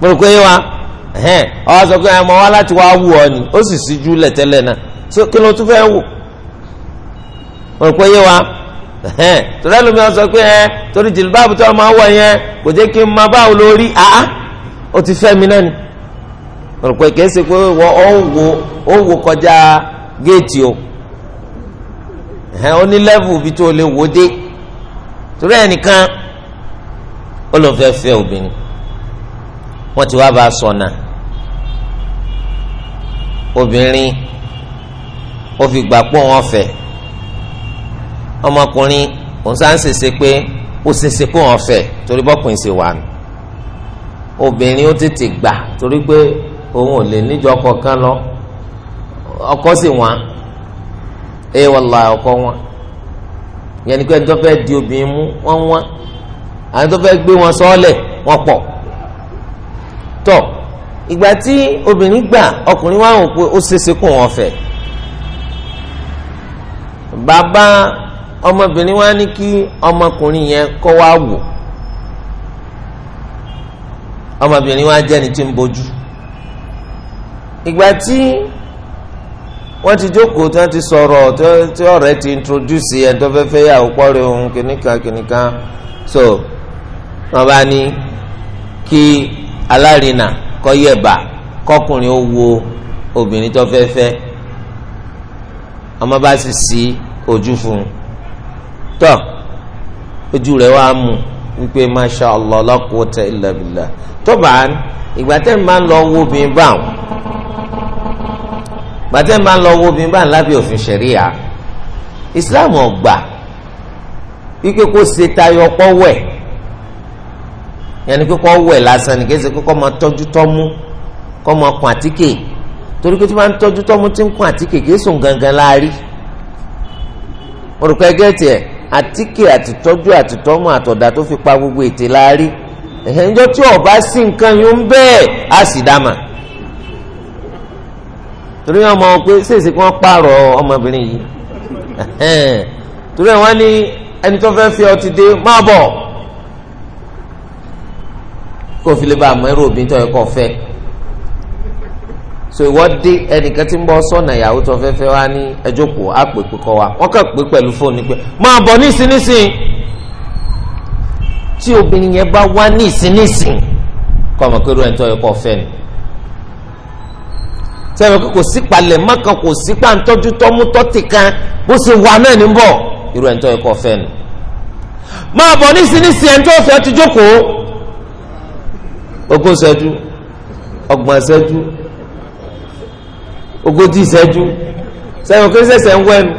Speaker 1: mo rò pé wa ọ sọ ọ ni ó sì si júlẹ̀ tẹ́lẹ̀ so kí ló tún wò mo torí ẹlòmíì wọn sọ pé ẹ torí jìlbáàbù tó máa wọ yẹn kò jẹ́ kí n máa báwo lórí àá ó ti fẹ́ mi náà ni ṣe pé ó kọjá géètì o ó ní lẹ́vù bí tó lè wò dé torí ẹnìkan ó lọ fẹ́ fẹ́ obìnrin wọ́n ti wá bá a sọ̀nà obìnrin fi gbà pọ̀ ọmọkùnrin òun sá ń ṣèṣe pé ó ṣèṣe pé òun fẹ́ torí bọ́kùnrin ṣe wà nù obìnrin ó tètè gbà torí pé òun ò lè níjọ ọkọ kan lọ ọkọ sì wọn ẹ wàlá ọkọ wọn yẹn ni pé ẹni tó fẹ́ di obìnrin mú wọ́n wọ́n àwọn tó fẹ́ gbé wọn sọ́ọ́lẹ̀ wọ́n pọ̀ tọ́ ìgbà tí obìnrin gbà ọkùnrin wà wọ́n pé ó ṣeéṣe kó wọn fẹ́ bàbá ọmọbìnrin wa ní kí ọmọkùnrin yẹn kọ́ wá wò ọmọbìnrin wa jẹ́ ni tí ń bójú ìgbà tí wọ́n ti jókòó tí wọ́n ti sọ̀rọ̀ tí ọ̀rẹ́ ti introduce ẹ̀ tó fẹ́ fẹ́ yà òpó rẹ̀ ohun kìnnìkan kìnnìkan so wọ́n bá ní kí alárinà kọ́ yẹ̀bà kọkùnrin ó wo obìnrin tó fẹ́ fẹ́ ọmọ bá sì sí ojú fún un tọ́ ojú rẹ̀ wá mú wípé masha allah la quwwata illa billah tọ́ba ìgbà tẹ́ ń bá ń lọ wo obìnrin báwọn ìgbà tẹ́ ń bá ń lọ wo obìnrin báwọn lábẹ́ òfin ṣẹ̀ríya islam ọgbà wípé kó ṣe tayọ pọ́wẹ́ yẹnni kíkọ́ wẹ̀ lásán ni kése kíkọ́ máa tọ́jú tọ́mú kọ́ máa kún àtíkè torí pé tí máa ń tọ́jú tọ́mú tí ń kún àtíkè kéésùn gangan láàrí olùkọ́ ẹgẹ́ tiẹ̀ àtíkè àtìtọ́jú àtìtọ́mọ àtọ̀dá tó fi pa gbogbo ètè láàrí ẹ̀hẹ́njọ́ tí ọba sí nǹkan yóò ń bẹ́ẹ̀ á sì dámà torí ọmọ pé ṣèṣe kí wọ́n pààrọ̀ ọmọbìnrin yìí torí wọn ní ẹni tó fẹ́ fi ọtí dé má bọ̀ kó fi lè bá àmọ́ ẹrú òbí tó yẹ kó fẹ́ẹ́ so ìwọ dé ẹnìkan tí ń bọ sọnà ìyàwó tó fẹ́fẹ́ wá ní ẹjọ́ kò á pè pé kọ́ wa wọ́n kàn pé pẹ̀lú fóònù pé máa bọ̀ ní ìsinísìn tí obìnrin yẹn bá wá ní ìsinísìn kọ́ ọmọ pé irú ẹni tó yẹ kọ́ fẹ́ ni sẹ́yìn pé kò sí palẹ̀ mọ́kàn kò sí pàǹtọ́jú tọ́mú tọ́tì kan bó ṣe wà náà ní bọ̀ irú ẹni tó kọ́ fẹ́ ni máa bọ̀ ní ìsinísìn ẹni ogójì ìṣẹ́jú sẹ́yìn òkè sẹ̀sẹ̀ ń wẹ̀nu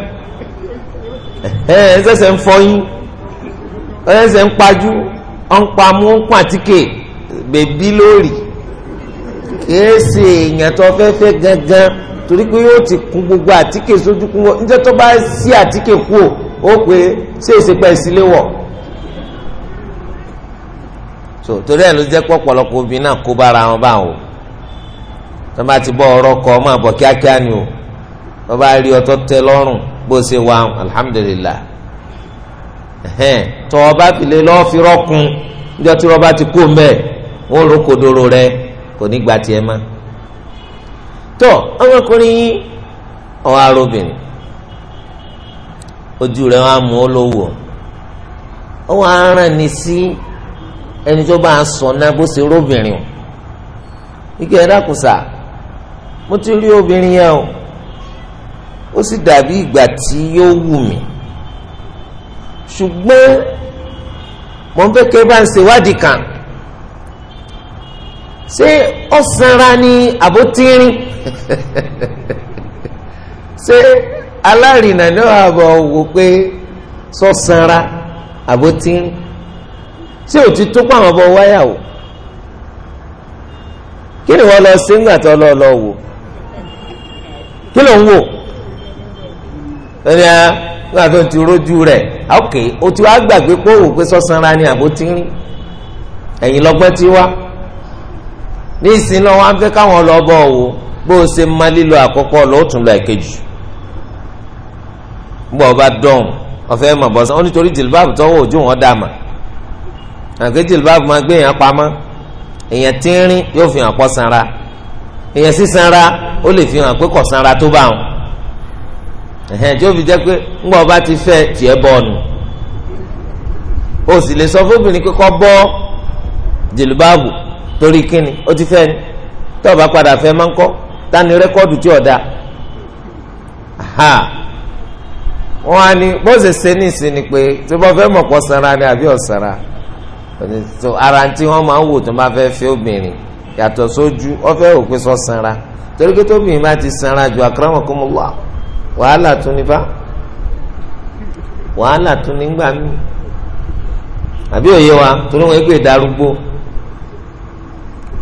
Speaker 1: ẹ̀hẹ́n sẹ̀sẹ̀ ń fọyín ẹ̀sẹ̀ ń pajú ọ̀n pamú ń pọ̀ àtíkè bèbí lórí kìí ṣe èèyàn tó fẹ́ fẹ́ gangan torí pé yóò ti kún gbogbo àtíkè sójú kún wọn níjẹ́ tó bá sí àtíkè kú ò ó pé ṣé èsì pẹ́ sílé wọ̀ so torí ẹ̀ ló jẹ́ pọ̀ pọ̀lọpọ̀ obìnrin náà kó bára wọn báwọn o tó bá ti bọ́ ọ̀rọ̀ kọ́ máa bọ̀ kíákíá ni o tó bá rí ọtọ́ tẹ lọ́rùn bó ṣe wà alhamdulillah tó o bá fi lè lọ́ọ́ fi rọ́kun níjọ́ tí rọ́bà ti kú mbẹ́ wọ́n ro kodoro rẹ kò ní gba tiẹ̀ mọ́ tó ọmọkùnrin yín ọ̀ arobìnrin ojú rẹ wọn á mú ọ lówó ọ wọn á sí ẹni tó bá sọ náà bó ṣe róbìnrin o ike ẹ dákun sáà mo ti rí obìnrin yẹn o ó sì dàbí ìgbà tí yóò wù mí ṣùgbọ́n mo ń fẹ́ kẹ́ bá ń wádìí kan ṣé ọ̀sánra ni àbótírín ṣé alárìnà ní ààbọ̀ wò pé sọ̀sánra àbótírín ṣé ò ti pàmò bọ wáyà o kí ni wọ́n lọ sí ńgbà tó lọ́ọ́ lọ́ọ́ wò. kí ló ń wò ẹni ẹ ah, nígbà tó ti rójú rẹ̀ ah, ok o ti wá gbàgbé pé òwò pé sọ́sanra ni àbó ti ń rìn ẹ̀yìn lọ́gbọ́n ti wá ní ìsìn náà wọ́n á fẹ́ káwọn lọ bọ̀ wò bó o ṣe má lílo àkọ́kọ́ lọ ó tún lọ ẹ̀kejì bó o bá dọ̀hùn ọ̀fẹ́ mọ̀ bọ́sán ó nítorí jìlbáàbù tọ́wọ́ òjò wọn dà mà àgbẹ̀ jìlbáàbù máa gbé èèyàn pamọ́ èèyàn tínrín yóò fi hàn pọ́ sanra èèyàn sì sanra ó lè fi hàn pé kò sanra tó bá wọn ẹ̀hẹ́n tí ó fi pé ọba ti fẹ́ tiẹ̀ bọ́ọ̀nù o sì lè sọ fóbìnrin kíkọ́ bọ jìlúbáàbù torí kíni ó ti fẹ ni tó o padà máa ń tani rẹ́kọ́ọ̀dù tí ọ̀dà wọ́n á ní ṣe ní ni pé tí mọ̀ sanra ni àbí ara tí máa ń wò tó máa yàtọ̀ sójú ọfẹ́ òpin sọ sanra torí pé tóbi yìí má ti sanra ju wàhálà tún nípa wàhálà tún nígbà mí àbí òye wa torí wọn gbé darúgbó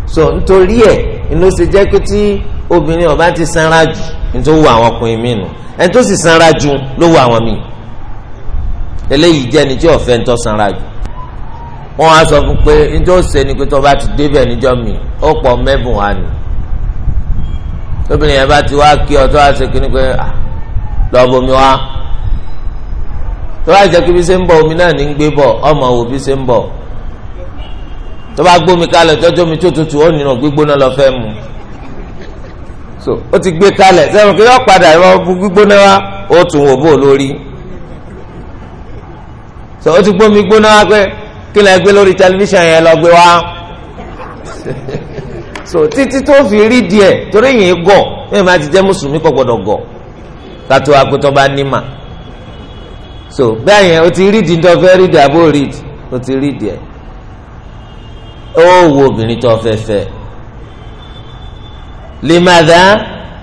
Speaker 1: so nítorí ẹ inú ṣe jẹ́ ọba ti sanra jù nítorí wo àwọn ọkùnrin míì nù ẹni tó sì sanra jù ló wo àwọn míì eléyìí jẹ́ wọn ha sọ fún pé njẹ́ ó ṣe ni pé tó bá ti mi ó pọ̀ mẹ́bùn wa ni tóbìnrin yẹn bá ti wá kí ọ tó wá ṣe kí ni pé ah, lọ bomi wá tó bá jẹ́ kí bí ṣe ń omi náà ní ń gbé ọmọ wò bí ṣe ń bọ̀ tó bá gbómi kalẹ̀ tọ́jú omi tó tutù ó nínú gbígbóná lọ so ó ti gbé kí padà bu gbígbóná ó tún wò bó lórí so ó ti gbómi gbóná kí lè gbé lórí tẹlifíṣàn yẹn lọ gbé wá so títí tó fi rí díẹ̀ torí yìí gọ̀ ẹ máa ti jẹ́ mùsùlùmí kò gbọ́dọ̀ gọ̀ kátó agbótọ́ bá ní mà so bẹ́ẹ̀ yẹn o ti rí di tó fẹ́ rí di àbó rí di o ti rí díẹ̀ ó wo obìnrin tó fẹ́ fẹ́ lè má dá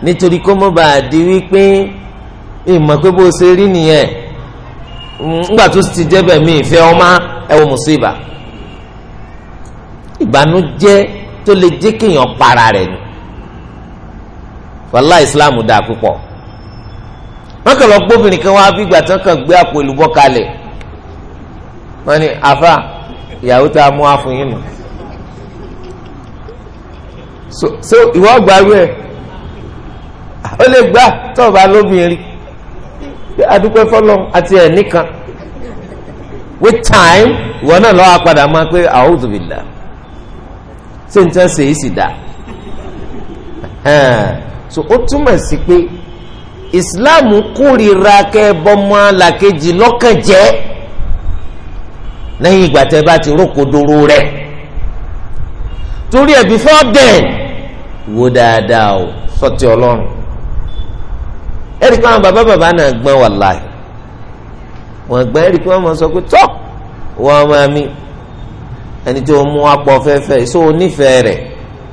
Speaker 1: nítorí kó mọ́ bá a di wípé ìmọ̀ pé bó ṣe rí nìyẹn ńgbà tó ti jẹ́ bẹ̀ mí ìfẹ́ ọmọ ẹ wo mùsíbà ìbànújẹ́ tó lè jẹ́ kéèyàn para rẹ̀ ni wàlá ìsìláàmù dáa púpọ̀ wọn kàn lọ gbóbìnrin kan wá bígbà tí wọn kàn gbé àpò ìlúbọ kalẹ̀ wọn ni àfa ìyàwó tá a mú àfún yín nù so so ìwọ gbàrú ẹ ó lè gbà tó o bá lóbìnrin adúpẹ́ fọlọ́ àti ẹ̀ nìkan with time ìwọ náà lọ́wọ́ padà máa pé a'udhu billah ṣé n tán ṣe é sì dá so ó túmọ̀ sí pé islam kórìíra kẹ́ bọ́mọ làkejì lọ́kàn jẹ́ lẹ́yìn ìgbà tẹ́ bá ti rókòdoro rẹ̀ torí ẹ̀ before then wo dáadáa o sọ́tì ọlọ́run ẹ̀rí kan bàbá bàbá náà gbọ́n wàláì wọn gbẹ́ ẹ̀rí pé wọ́n mọ̀ sọ pé tọ́ wọ́n ọmọ mi ẹni tó mú apọ̀ fẹ́fẹ́ so onífẹ̀ẹ́ rẹ̀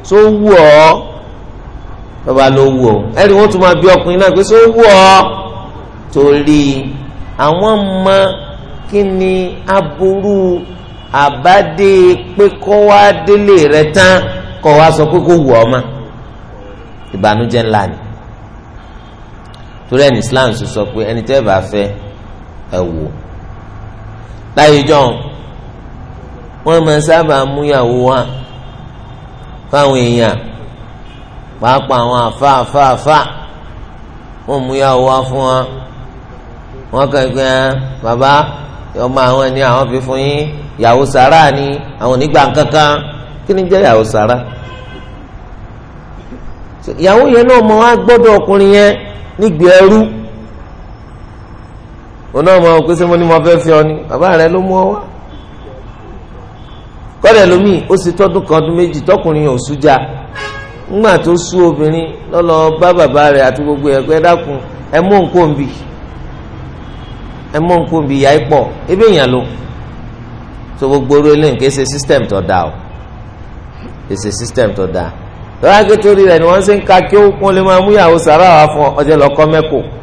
Speaker 1: so wù ọ́ bàbá ló wù ọ́ ẹ̀rí wọ́n tún máa bí ọkùnrin náà pé so wù ọ́ torí àwọn mọ kí ni aburú àbádé pé kọ́ wá délé rẹ̀ tán kọ́ wá sọ pé kò wù ọ́ mọ́ ìbànújẹ́ ńlá ni torí ẹni Islam sọ pé ẹni tẹ́ bá fẹ́ ẹ wò láyé máa sábà múyàwó wá fáwọn èèyàn pàápàá àwọn àfa àfa àfa wọ́n múyàwó wá fún wa wọ́n kàn gbé ẹ bàbá ọmọ àwọn ni àwọn fi fún yín yàwó sàrà ni àwọn onígbà kankan kí ni jẹ́ yàwó sàrà yàwó yẹn náà mọ wá gbọ́dọ̀ ọkùnrin yẹn nígbè ẹrú òun náà mọ àwọn pé sẹ́mo ni mo fẹ́ fi ọ ni bàbá rẹ ló mú ọ wá kọ́dẹ̀ lómi ó sì tọ́dún kan ọdún méjì tọkùnrin ò sújà ńgbà tó sú obìnrin lọ́lọ́ bá bàbá rẹ̀ àti gbogbo ẹ̀gbẹ́ dákun ẹ mú nǹkan bì ẹ mú nǹkan bì ìyá ipọ̀ ebe èèyàn ló so gbogbo orí eléyìí kì í system tó dáa o kì system tó dáa lọ́wọ́ akétorí rẹ̀ ni wọ́n ṣe ń ka kí ó kún lè máa mú ìyàwó sàrà wá fún ọjọ́ lọ́kọ́ mẹ́kọ̀ọ́.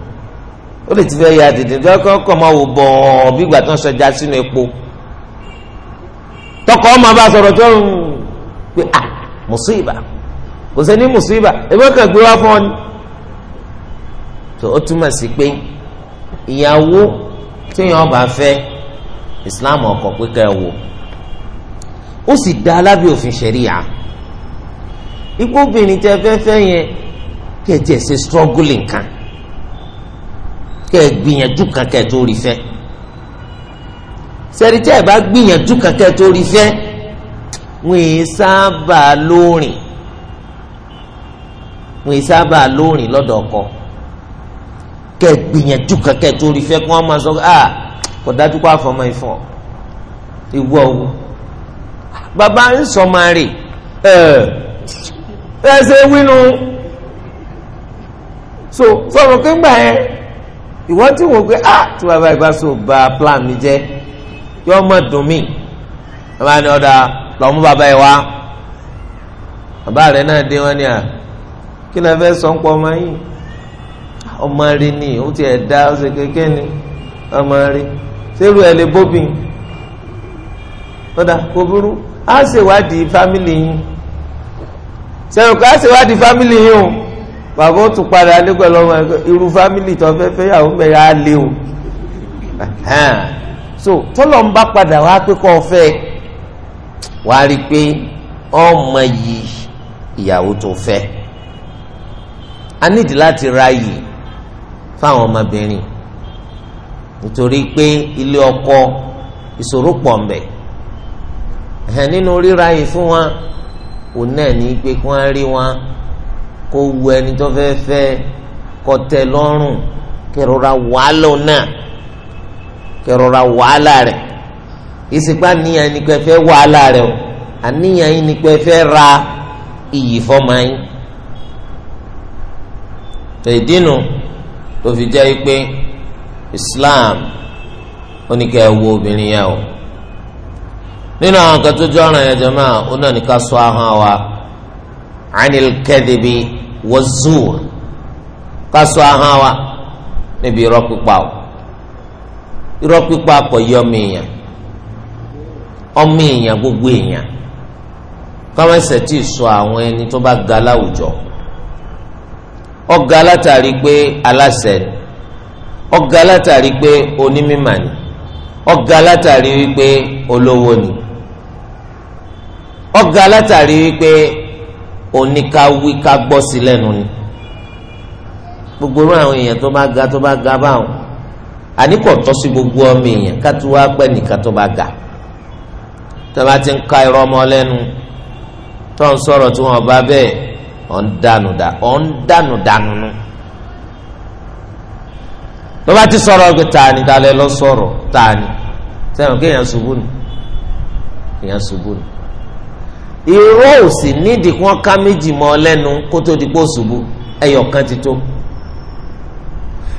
Speaker 1: ó lè ti fẹ́ ya dìde dọ́kọ́ kọ́ máa wò bọ̀ ọ́ bí ìgbà tó ń sọjá sínú epo tọkọ ọmọ bá sọ̀rọ̀ tó ń pè à ah, mùsíbà kò sẹ́ni mùsíbà ẹgbẹ́ kan gbé wá fún ọ ni tó ó túmọ̀ sí pé ìyàwó téèyàn bá fẹ́ Islam ọkọ pé ká ẹ wò ó sì dá alábẹ́ òfin ṣẹ̀ríyà ikú obìnrin tẹ́ fẹ́ fẹ́ yẹn kẹ̀jẹ̀ ṣe struggling kan kẹ́ ẹ gbìyànjú kan kẹ́ ẹ tó rí fẹ́ sẹ́ni tẹ́ ẹ bá gbìyànjú kan kẹ́ ẹ tó rí fẹ́ wọ́n èé sábà lóorìn wọ́n èé sábà lóorìn lọ́dọ̀ ọkọ kẹ́ ẹ gbìyànjú kan kẹ́ ẹ tó rí fẹ́ kí wọ́n máa sọ ah kò dájú kó àfọmọ́ ìfọ̀ ìwọ owó bàbá ń sọ máa rè ẹ ẹ ṣe wínú so sọ̀rọ̀ kéńgbà yẹn ìwọ tí wò pé ah tí bàbá ìgbà so ba plan mi jẹ́ yọ ọmọ dùn mí bàbá ni ọ̀dà lọ́mú bàbá ẹ̀ wá bàbá rẹ̀ náà dé wọn ah, ni à kí lè fẹ́ sọ ń pọ̀ ọmọ yìí ọmọ rí ni ó ti ẹ̀ dá ó ṣe kékeré ni ọmọ rí sẹ́rù ẹ̀ lè bóbìn ọ̀dà kò burú á ṣèwádìí fámìlì yín sẹ́rù kò á ṣèwádìí fámìlì yín o bàbá ó tún padà dé pẹ̀lú ọmọ ẹgbẹ́ irú fámìlì tó fẹ́ fẹ́ yàwó mẹ́rin á lé o so tọ́lọ̀ ń bá padà wá pé kọ́ fẹ́ wá rí i pé ọmọ yìí ìyàwó tó fẹ́ a nídìí láti ra yìí fáwọn ọmọbìnrin nítorí pé ilé ọkọ ìṣòro pọ̀ ń bẹ ẹ̀hẹ́n nínú ríra yìí fún wa òun náà ní pé kí wọ́n rí wọn kó wu ẹni tó fẹ́ fẹ́ kó tẹ́ lọ́rùn kẹrọra wàhálà náà kẹrọra wàhálà ìsìnkú àníyàn o àníyàn yìí ni ra iyì fọ́mọ yín tẹ̀dínú tó fi jẹ́ pé Islam oníkẹ́ wo obìnrin yẹn o nínú àwọn kan ọ̀ràn yẹn jẹ́ máa ó náà ní ká anil kadhibi wazur kásọ ahọ́n wa níbi irọ́ pípa o irọ́ pípa kò yọ ọmọ èèyàn ọmọ èèyàn gbogbo èèyàn kọ́mẹ́sẹ̀ tí ì sọ àwọn ẹni tó bá ga láwùjọ ọ̀gá látàrí pé aláṣẹ ọ látàrí pé ni ọ̀gá látàrí wípé olówó ni ọ̀gá látàrí wípé oníkawí ká gbọ́ sí lẹ́nu ni gbogbo irú àwọn èèyàn tó bá ga tó bá ga báwọn àníkọ̀ tọ́ sí gbogbo ọmọ èèyàn ká tó wá pẹ́ nìkan tó bá ga tó bá ti ń ka irọ́ ọmọ lẹ́nu tó ń sọ̀rọ̀ tí wọ́n bá bẹ́ẹ̀ ọ̀ dànù dà ọ̀ dànù dànù nu tó bá ti sọ̀rọ̀ pé tani ta lẹ lọ sọ̀rọ̀ tani sẹ́wọ̀n kéèyàn ṣubú ni kéèyàn ṣubú ni irọ́ ò sì nídìí kí wọ́n ká méjì mọ́ ọ lẹ́nu kó tó di pò ṣubú ẹyọ kan ti tó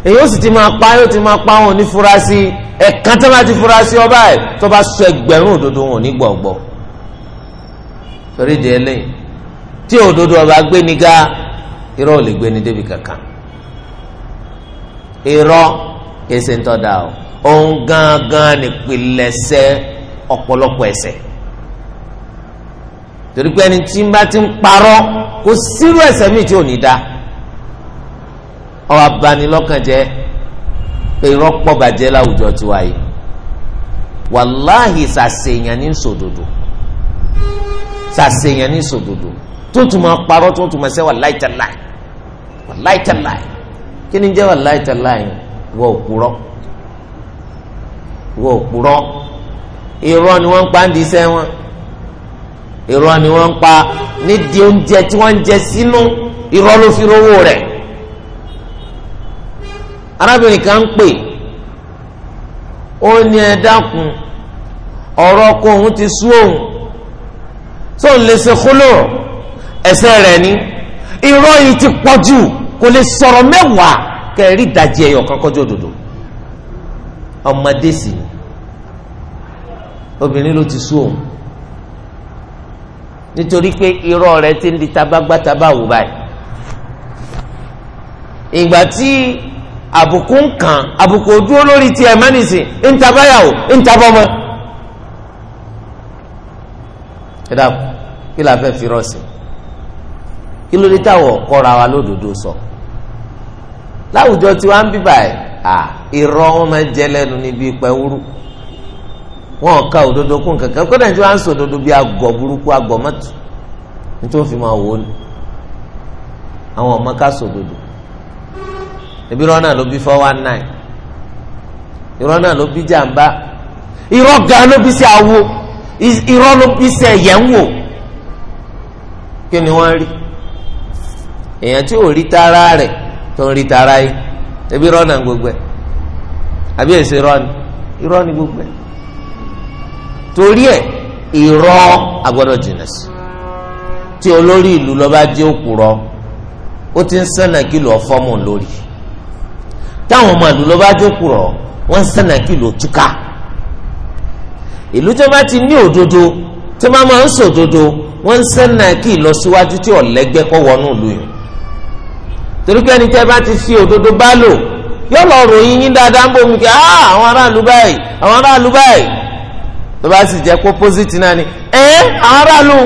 Speaker 1: èyí ó sì ti máa pa yóò ti máa pa wọn ní furasí ẹ̀ẹ̀kan tó bá ti furasí ọba ẹ̀ tó bá sọ ẹgbẹ̀rún òdodo wọn ní gbọ̀ngbọ̀ torí di ẹlẹ́yìn tí òdodo ọba gbé ni ga irọ́ ò lè gbé ni débi kankan irọ́ kìí ṣe ń tọ́ da o òun gangan nípìnlẹ̀ṣẹ̀ ọ̀pọ̀lọpọ̀ ẹ̀ṣẹ̀ torí pé ẹni tí bá ti ń parọ́ kò sírú ẹ̀ṣẹ̀ míì tí ò ní dá ọwọ́ abanilọ́kànjẹ́ pé irọ́ pọ̀ bàjẹ́ láwùjọ tiwa yìí wàláhì sàṣèyàn ní sòdodo sàṣèyàn ní sòdodo tó tún máa parọ́ tó tún máa ṣe wàláhì tàláhì wàláhì tàláhì kí ni jẹ́ wàláhì tàláhì wọ òpùrọ́ wọ òpùrọ́ irọ́ ni wọ́n ń pa ń di iṣẹ́ wọn irọ́ ni wọ́n ń pa nídìí oúnjẹ tí wọ́n ń jẹ sínú irọ́ ló fi rówó rẹ̀ arábìnrin kan ń pè ó ní ẹ dákun ọ̀rọ̀ ọkọ òun ti sú òun tó ń lè ṣe kóló ẹsẹ̀ rẹ̀ ni irọ́ yìí ti pọ̀ jù kò lè sọ̀rọ̀ mẹ́wàá kẹrí ìdajì ẹ̀yọ̀ kan kọjú òdòdó ọmọdé sì ni obìnrin ló ti sú òun nítorí pé irọ́ rẹ̀ ti ń di tabagbátaba wò báyìí ìgbà tí àbùkù ń kàn àbùkù ojú olórí tiẹ̀ mẹ́nìsì ń tabáyàwó ń tabọ́mọ́ ẹ dàpọ̀ kí la fẹ́ fi rọ̀ sí kí ló dé táwọ̀ kọ́ra wa lódodo sọ láwùjọ tí wàá ń bíbà irọ́ wọn máa ń jẹ lẹ́nu níbi ìpẹ́ wọn ka òdodo kún kankan kódà ní tí wọn sọ òdodo bíi agọ burúkú agọ fi máa wò ó ni àwọn ọmọ ká sọ òdodo ebi irọ́ náà ló bí four one nine irọ́ náà ló bí jàmbá gan ló awo irọ́ ló bí sí ẹ̀yẹ̀ ń wò kí ni wọ́n rí èèyàn tí ò rí tara rẹ̀ tó ń rí tara yìí ebi náà gbogbo àbí èsì ni ni gbogbo torí ẹ̀ irọ́ agbọ́dọ̀ jìnnà sí tí olórí ìlú lọ́ba jẹ́ òpùrọ́ ó ti ń sànà kìlọ̀ fọ́mù lórí táwọn ọmọ ìlú lọ́ba jẹ́ òpùrọ́ wọ́n ń sànà kìlọ̀ túká ìlú tó bá ti ní òdodo tó bá máa ń sòdodo wọ́n ń sànà kí ìlọsíwájú tí ọ̀lẹ́gbẹ́ kọ́ wọnú ìlú yìí torí pé ẹni tẹ́ bá ti fi òdodo bá lò yóò lọ ròyìn yín dáadáa ń bomi kí àwọn aráàlú báyìí àwọn aráàlú báyìí tó bá sì jẹ́ kó pósìtì náà ni ẹ àwọn aráàlú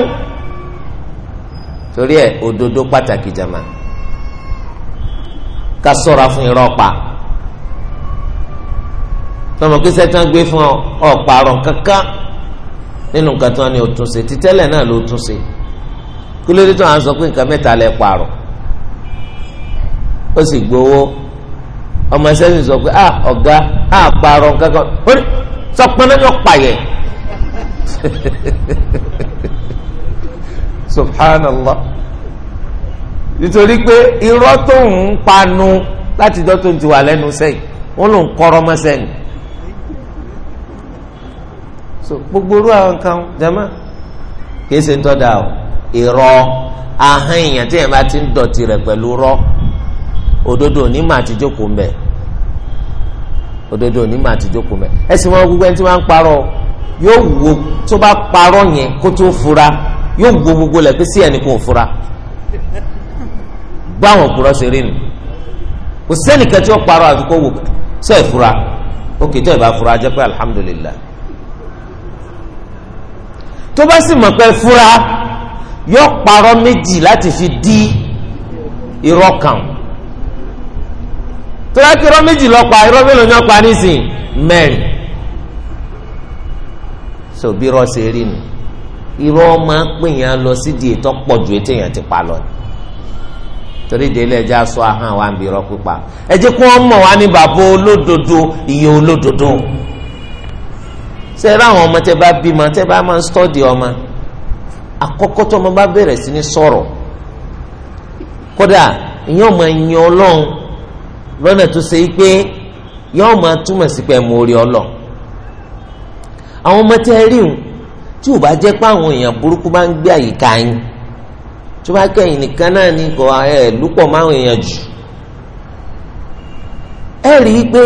Speaker 1: torí ẹ òdodo pàtàkì jama ká ṣọ́ra fún irọ́ pa tọmọ kí sẹ́tàn gbé fún ọ ọ̀pààrọ̀ kankan nínú nǹkan tí wọ́n ní tún ṣe títẹ́lẹ̀ náà ló tún ṣe kí ló dé tó à ń sọ pé nǹkan mẹ́ta lẹ pààrọ̀ ó sì gbowó ọmọ ẹsẹ̀ sì sọ pé ah ọ̀gá ah pààrọ̀ kankan ó ní sọ yọ pààyẹ̀. subhanallah nítorí pé irọ́ tó ń panu láti jọ́ tó ń ti wà lẹ́nu sẹ́yìn wọ́n ló ń kọ́rọ́ mọ́ sẹ́yìn so gbogbo irú àwọn nǹkan jama kìí ṣe ń tọ́da o irọ́ ahọ́n èèyàn tí èèyàn bá ti ń dọ̀tí rẹ̀ pẹ̀lú rọ́ òdodo onímọ̀ àti jókòó mbẹ̀ òdodo onímọ̀ àti jókòó mbẹ̀ ẹ sì mọ gbogbo ẹni tí wọ́n ń parọ́ o yóò wo tó bá parọ́ yẹn kó tó fura yóò wo gbogbo lẹ̀ sí ẹni kò fura báwọn òkúrọ̀ ṣe rí nu kò sẹ́nìkan tí ó parọ́ àti kó wò sọ ẹ̀ fura òkè tó ẹ̀ bá fura jẹ́ pé alihamudulilá tó bá sì mọ̀ pé fura yóò parọ́ méjì láti fi dí irọ́ kan tó bá kí irọ́ méjì lọ́ọ́ pa irọ́ mélòó ni wọ́n pa nísìnyí mẹ́rin. so bí irọ́ ṣe rí nu irọ́ lọ sídìí ètò pọ̀ ju ètò ti pa lọ ni torí délé ẹjẹ aṣọ ahọ́n wa ń irọ́ pípa ẹ jẹ́ mọ̀ wá ní bàbá olódodo ìyẹn olódodo ṣe ọmọ tẹ bá bímọ tẹ bá máa ń stọ́dì ọmọ àkọ́kọ́ tó ọmọ bá bẹ̀rẹ̀ sí ní sọ̀rọ̀ kódà ìyẹn ọmọ ẹ̀yìn ọlọ́run lọ́nà tó àwọn ọmọ tẹ́ ẹ rí wọn tí ò bá jẹ́ pé àwọn èèyàn burúkú bá ń gbé àyíká yín tó bá kẹ́yìn nìkan náà ní kò ẹ lúpọ̀ máwọn èèyàn jù ẹ rí i pé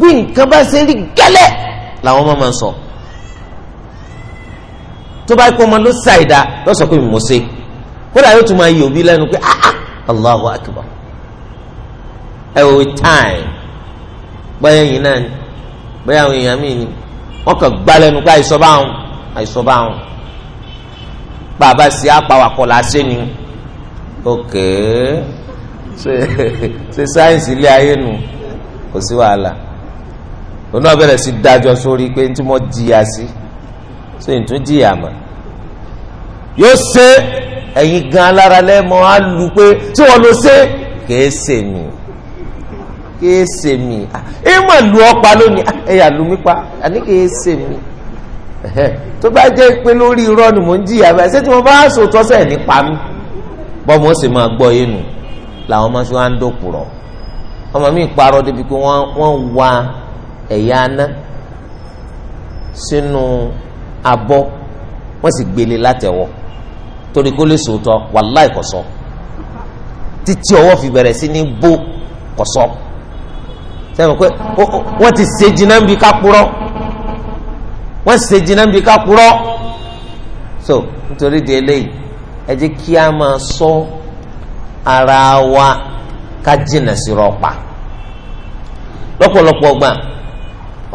Speaker 1: bí nǹkan bá ṣe rí gẹ́lẹ́ làwọn ọmọ máa ń sọ tó bá kó ọmọ ló ṣàìdá lọ́sọ̀ pé mo ṣe kódà yóò tún máa yí òbí lẹ́nu pé ah, ah Allahu akbar ẹ wò time báyẹn yìí náà ni báyà àwọn èèyàn míì ni wọn kàn gbalẹnu pé àìsọ bá wọn àìsọ bá wọn bàbá sí apàwàkọ làásẹ ni ok ṣe ṣe sáyẹnsì ilé ayé nu kò sí wàhálà òun náà bẹ̀rẹ̀ sí dájọ́ sórí pé ntí mo jìyà sí ṣe n tún jìyà mọ́ yóò ṣe ẹ̀yin gan alára lẹ́mọ́ á lu pé tí wọ́n lọ ṣe kèé ṣe mi kìí ṣe mí ẹ mà lu ọpa lónìí ah, ẹ yà lu mí pa àní kìí ṣe mí tó bá jẹ́ pé lórí irọ́ ni mò ń jìyà bá ṣé tí mo bá sòtọ́ sẹ̀ nípa mi bọ́ mo sì máa gbọ́ yín nù làwọn ọmọ ṣùgbọ́n á ń dòkùrọ̀ ọmọ mi parọ́ débi pé wọ́n wa ẹ̀yà aná sínú abọ́ wọ́n sì gbélé látẹ̀wọ́ torí kó lè sòótọ́ wàláì kọ̀sọ́ títí ọwọ́ fi bẹ̀rẹ̀ sí ní bó kọ̀sọ́ sẹ́wọ̀n pé wọ́n ti ṣe jìnnà bí kápúrọ́ wọ́n ṣe jìnnà bí kápúrọ́ so nítorí di eléyìí ẹ jẹ́ kí a máa sọ ara wa ká jìnnà sí rọpa lọ́pọ̀lọpọ̀ gbà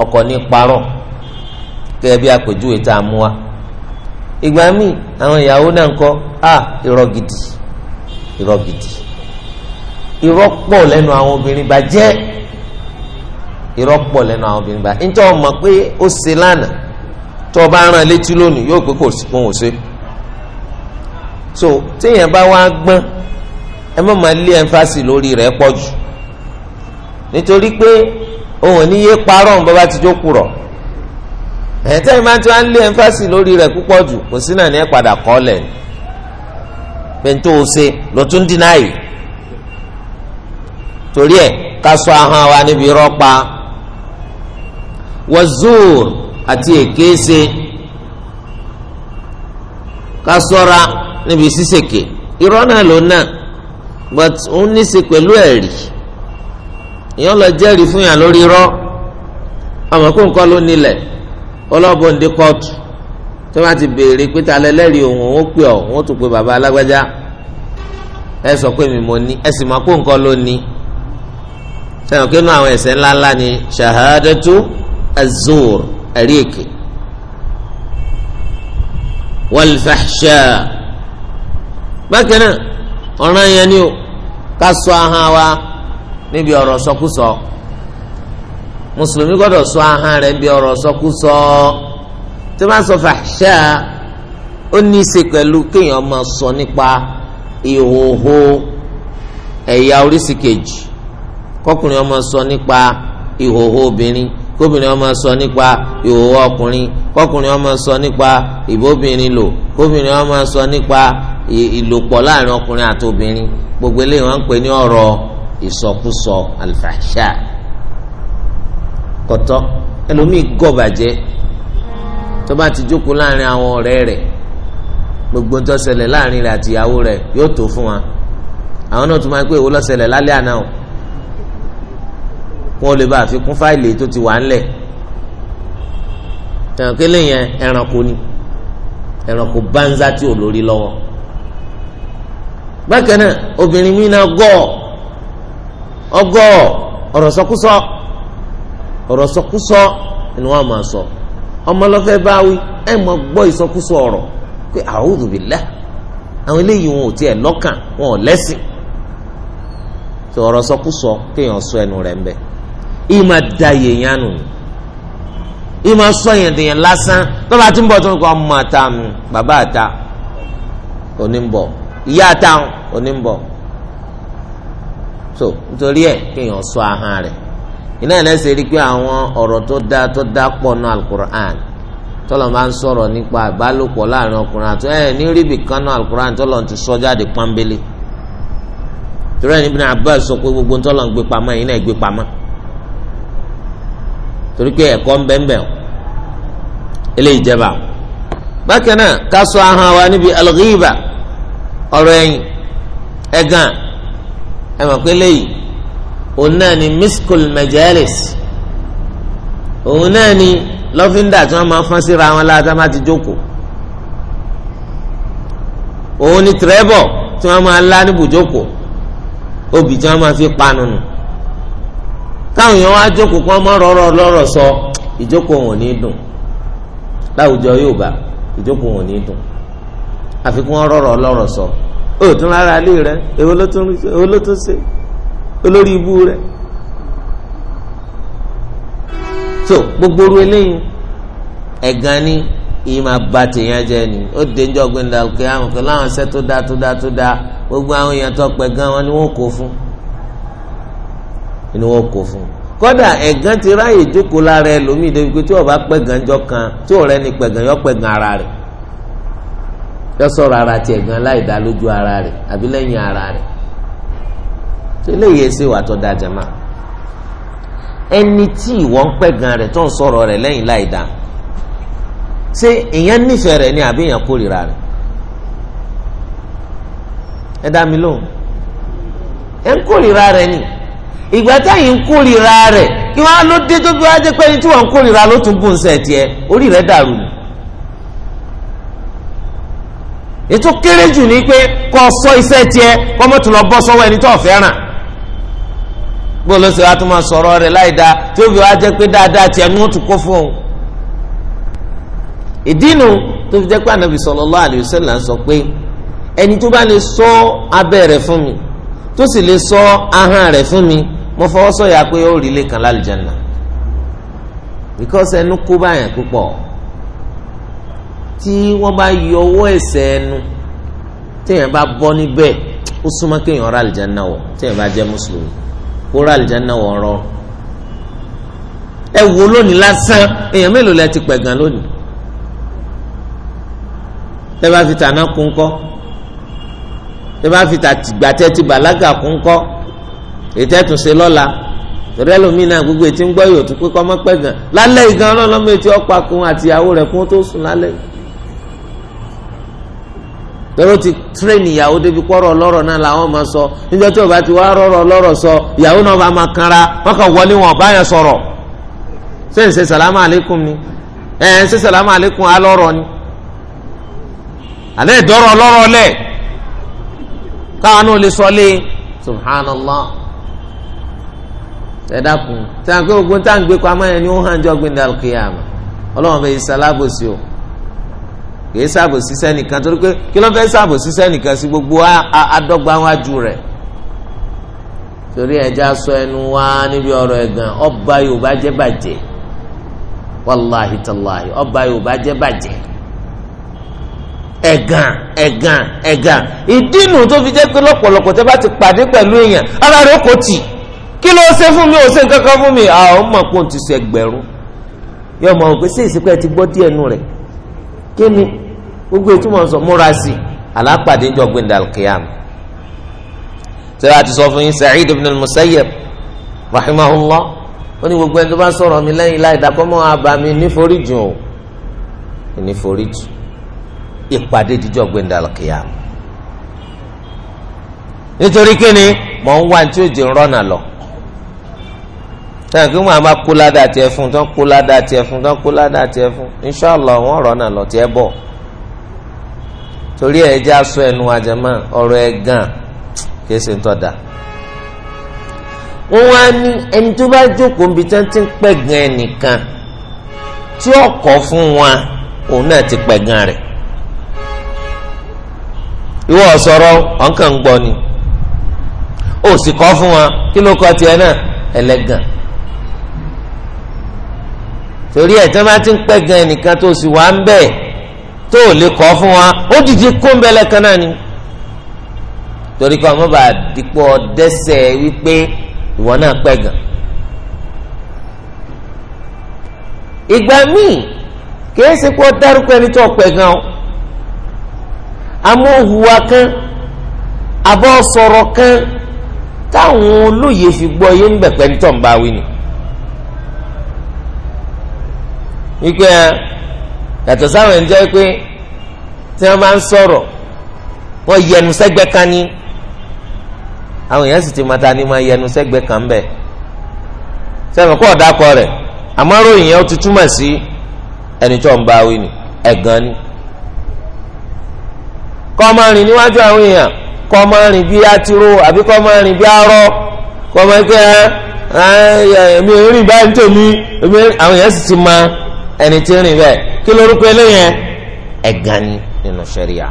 Speaker 1: ọkọ̀ ní parọ́ gẹ́gẹ́ bí àpèjúwe tá a mú wa ìgbà míì àwọn ìyàwó náà ń kọ́ a irọ́ gidi irọ́ gidi irọ́ pọ̀ lẹ́nu àwọn obìnrin bàjẹ́ irọ́ pọ̀ lẹ́nu àwọn obìnrin báyìí nítorí pé ó ṣe lánàá tó o bá rán létí lónìí yóò pé kò sí so téèyàn bá wá gbọ́n ẹ má máa lé ẹnfàsì lórí rẹ̀ pọ̀ jù nítorí pé òun ní yé parọ́ bàbá ti jókòó ẹ̀ tẹ́yìn máa ń tí lé ẹnfàsì lórí rẹ̀ púpọ̀ jù kò sí náà ní padà kọ́ wazur àti èkéṣe ká ṣọ́ra níbi sísèké irọ́ náà ló náà but òun ní í ṣe pẹ̀lú ẹ̀rí èèyàn lọ jẹ́rìí fún yàn lórí irọ́ ọmọ kó nǹkan ló nílẹ̀ ọlọ́bọ̀ndé kóòtù tó bá ti béèrè pé ta lẹ́lẹ́rìí òun òun pè ọ́ òun tún pe bàbá alágbájá ẹ sọ pé mi mo ní ẹ sì máa ló ní sẹ́yìn kínú àwọn ẹ̀ṣẹ̀ ńláńlá ni ṣàhádẹ́tù azur ẹ̀rí èké wàlfàṣà bákan náà ọ̀ràn yẹn ni o ká sọ ahọ́n wa níbi ọ̀rọ̀ sọkúsọ mùsùlùmí gbọ́dọ̀ sọ ahọ́n rẹ̀ níbi ọ̀rọ̀ sọkúsọ tó bá sọ fàṣà ó ní í ṣe pẹ̀lú kéèyàn máa sọ nípa ìhòòhò ẹ̀yà oríṣi kejì kọkùnrin ọmọ sọ nípa ìhòòhò obìnrin kóbìnrin ọmọ sọ nípa ìhòòhò ọkùnrin kọkùnrin ọmọ sọ nípa ìbóbìnrin lò kóbìnrin ọmọ sọ nípa ìlòpọ̀ láàrin ọkùnrin àti obìnrin gbogbo eléyìí wọ́n ń pè ní ọ̀rọ̀ ìsọkúsọ alfàṣà kọtọ ẹlòmíì gọbàjẹ tó bá ti jókòó láàrin àwọn ọ̀rẹ́ rẹ̀ gbogbo ń tó ṣẹlẹ̀ láàrin rẹ̀ àtìyàwó rẹ̀ yóò tó fún wa àwọn náà tún máa ń pè wọ́n ló lálẹ́ àná o kó o lè bá àfikún fáìlì tó ti wà ńlẹ̀ tẹ̀wọ̀n kí ẹranko ni ẹranko bánzá tí o lórí lọ́wọ́ bákan náà obìnrin mi náà gọ́ ọgọ́ ọ̀rọ̀ sọkúsọ ọ̀rọ̀ sọkúsọ ni máa sọ ọmọ lọ́fẹ́ báwí ẹ mọ̀ gbọ́ ìsọkúsọ ọ̀rọ̀ pé a'udhu billah àwọn eléyìí wọn ò tiẹ̀ lọ́kàn wọn ò lẹ́sìn tó ọ̀rọ̀ sọkúsọ kéèyàn sọ ẹnu ń ìmà da yèèyàn nù ìmà sọ yẹn dèèyàn lásán tó bá ti ń bọ̀ tó ń kọ́ ọmọ ata nù bàbá ata òní ń bọ̀ ìyá ata òní ń bọ̀ so nítorí ẹ̀ kéèyàn sọ ahọ́n rẹ̀ iná ẹlẹ́sẹ̀ rí pé àwọn ọ̀rọ̀ tó dá tó dá pọ̀ nù alukur'an tọ́lọ̀ máa ń sọ̀rọ̀ nípa ìbálòpọ̀ láàrin ọkùnrin àti ẹ̀ ní ríbi kan nù alukur'an tọ́lọ̀ ti sọ jáde pọ́nbélé torí ẹ̀ ní Ibn Abbas sọ pé gbogbo tọ́lọ̀ ń gbé pamọ́ ẹ̀yin náà gbé pamọ́ torí pé ẹ̀kọ́ ń bẹ́ẹ̀ bẹ́ẹ̀ eléyìí jẹba bákan náà ká ṣọ́ ahọ́n wa níbi alghiba ọ̀rọ̀ ẹ̀yìn ẹ̀gàn ẹ̀ mọ̀ pé léyìí òun náà ni miskul majalis òun náà ni lọ́fíńdà tí wọ́n máa fọ́n síra wọn láti má ti jókòó òun ni tìrẹ́bọ̀ tí wọ́n máa lá níbùjókòó obì tí wọ́n máa fi panu nù káwọn èèyàn wá jókòó kó ọmọ rọrọ lọ́rọ̀ sọ ìjókòó wọn ò ní dùn láwùjọ Yorùbá ìjókòó wọn ò ní dùn àfikún rọrọ lọ́rọ̀ sọ ó tún lára ilé rẹ èwo ló tún ṣe olórí ibú rẹ so gbogbo oru eléyìí ẹ̀gàn ni yìí máa ba tèèyàn jẹ ni ó dénjọ́ gbẹ̀ndà òkè àwọn kan láwọn ṣẹ́ tó dáa tó dáa tó dáa gbogbo àwọn èèyàn tó pẹ̀ gan wọn ni wọ́n kó fún inú wọn kò fún kódà ẹ̀gán ti ráàyè jókòó lára ẹlòmíì débi tí ọba jọ kan tí òun rẹ ni pẹ̀gàn yọ pẹ̀gàn ara rẹ̀ yọ sọ̀rọ̀ ara ti ẹ̀gán láì dá lójú ara rẹ̀ àbí lẹ́yìn ara rẹ̀ eléyìí wà tó ẹni tí ìwọ pẹ̀gàn rẹ̀ tó sọ̀rọ̀ rẹ̀ lẹ́yìn láì dá ṣé èèyàn nífẹ̀ẹ́ rẹ̀ ìgbà táyìn ń kórìíra rẹ̀ kí wọ́n á ló dé tó bí wọ́n á jẹ́ pé ẹni tí wọ́n ń kórìíra ló tún gùn orí rẹ̀ dàrú ni. ètò kéré jù ni pé kọ sọ iṣẹ́ tiẹ̀ kọ́ mọ́tò lọ bọ́ sọ́wọ́ ẹni tó fẹ́ràn bó ló ṣe wá tó máa sọ̀rọ̀ rẹ̀ láì dáa tí ó fi wá jẹ́ pé mi tó sì lè sọ ahọ́n mi mo fọwọ́ sọ̀yà pé ó rí ilé kan lálùjáná because ẹnu kó báyàn púpọ̀ tí wọ́n bá yọ ọwọ́ ẹ̀sẹ̀ ẹnu téèyàn bá bọ́ níbẹ̀ ó súnmọ́ kéèyàn ra àlùjáná wọ̀ téèyàn bá jẹ́ mùsùlùmí kó ra àlùjáná wọ̀ rọ ẹ wo lónìí lásán èèyàn mélòó lẹ ti pẹ̀gàn lónìí tẹ bá fi tàná kún kọ́ tẹ bá fi tàgbàtẹ́ ti bàlágà kún kọ́ ètò ẹ̀tún ṣe lọ́la torí ẹlòmíín náà gbogbo eti ń gbọ́ yòó tó pé kọ́ mọ́ pẹ́ gan lálẹ́ ìgan ọlọ́lọ́mọ ètí ọ̀pá kun àtìyàwó rẹ̀ kún tó sùn lálẹ́ tọ́lọ́ ti tírẹ̀nì ìyàwó débi kọ́rọ̀ ọlọ́rọ̀ náà làwọn máa sọ níjọ́ tí o bá ti sọ ìyàwó náà bá máa kanra wọ́n wọn yẹn sọ̀rọ̀ ṣé ṣe sàlámù àlékún ni ṣe sàlámù àlékún alọ́rọ̀ ni àlẹ́ sọ lé subhanallah. ẹ dákun ogun tá à gbé pamọ́ yẹn ni ó hàn jọ gbẹ̀ndà kìyàmà ọlọ́run fẹ́ sálábòsí o kìí sábòsí torí pé kí ló fẹ́ sábòsí sẹ́nìkan gbogbo torí ẹja sọ ẹnu wá níbi ọba yorùbá wàláhi tàláhi ọba yorùbá ìdí nù tó fi pé kí ló ṣe fún mi ò ṣe nǹkan kan fún mi àwọn mọ̀ pé òun ti ṣe ẹgbẹ̀rún yóò mọ̀ pé sí ìsìnkú ẹ ti gbọ́ díẹ̀ nù rẹ̀ kí ni gbogbo ètò mọ̀ sọ múra sí i alápàdé ń jọ gbẹ̀ndà alkiyam tẹ́lẹ̀ àti sọ fún yín Sa'id ibn al-Musayyib rahimahullah ó ní gbogbo ẹni tó bá sọ̀rọ̀ mi lẹ́yìn láì dákọ́mọ́ àbàmì níforíjì o níforíjì ìpàdé ìdíjọ́ gbẹ̀ndà alkiyam nítorí kí ni mọ̀ ń wá ní tí ó jẹ́ ń lọ náà kí wọn máa kó ládàá tiẹ̀ fún tán kó ládàá tiẹ̀ fún tán kó ládàá tiẹ̀ fún inṣàlá wọn rọ náà lọ tiẹ̀ bọ̀ torí ẹ já sọ ẹnu àjẹmọ ọ̀rọ̀ ẹ gan kìí ṣe ń tọdà wọn wá ní ẹni tó bá jókòó níbi tí wọn ti ń pẹ̀gàn ẹnìkan tí ọkọ fún wọn òun náà ti pẹ̀gàn rẹ̀ ìwọ ọ̀sọ̀rọ̀ ọ̀nkàn ń gbọ́ ni ó sì kọ́ fún wọn kí ló kọ́ tiẹ̀ náà ẹlẹ́gàn torí ẹ̀ tí wọ́n bá ti ń pẹ́ gan ẹnìkan tó sì wá ń bẹ̀ tó lè kọ́ fún wa ó dìde kó ń bẹ́lẹ̀ kan náà ni torí kọ́ ọmọ bá dípò dẹ́sẹ̀ wípé ìwọ náà pẹ́ gan. ìgbà míì kìí ṣe pé ó dárúkọ ẹni tó pẹ́ gan o àmọ́ òhùwà kan àbọ̀ kan táwọn olóye fi gbọ́ yé ń bẹ̀pẹ̀ ní tọ́ǹbà wí ni. wípé ya, sáwọn ẹni jẹ́ pé tí wọ́n bá ń sọ̀rọ̀ wọ́n yẹnu sẹ́gbẹ́ kan ní àwọn èèyàn ti máa ta ni máa yẹnu sẹ́gbẹ́ kan ń bẹ̀ sẹ́wọ̀n kó ọ̀dà kọ rẹ̀ àmọ́ ròyìn yẹn ó ti túmọ̀ sí ẹni tó ń bá wí ni ẹ̀gàn ni kọ́ máa rìn níwájú àwọn èèyàn kọ́ máa rìn bí atiro àbí kọ́ máa rìn bí arọ kọ́ máa kẹ́ ẹ́ ẹ́ mi ò rìn báyìí tèmi àwọn èèyàn sì ẹni tí ń rìn bẹ́ẹ̀ kí lórúkọ eléyẹn ẹ̀gàn ni nínú sẹ́ríà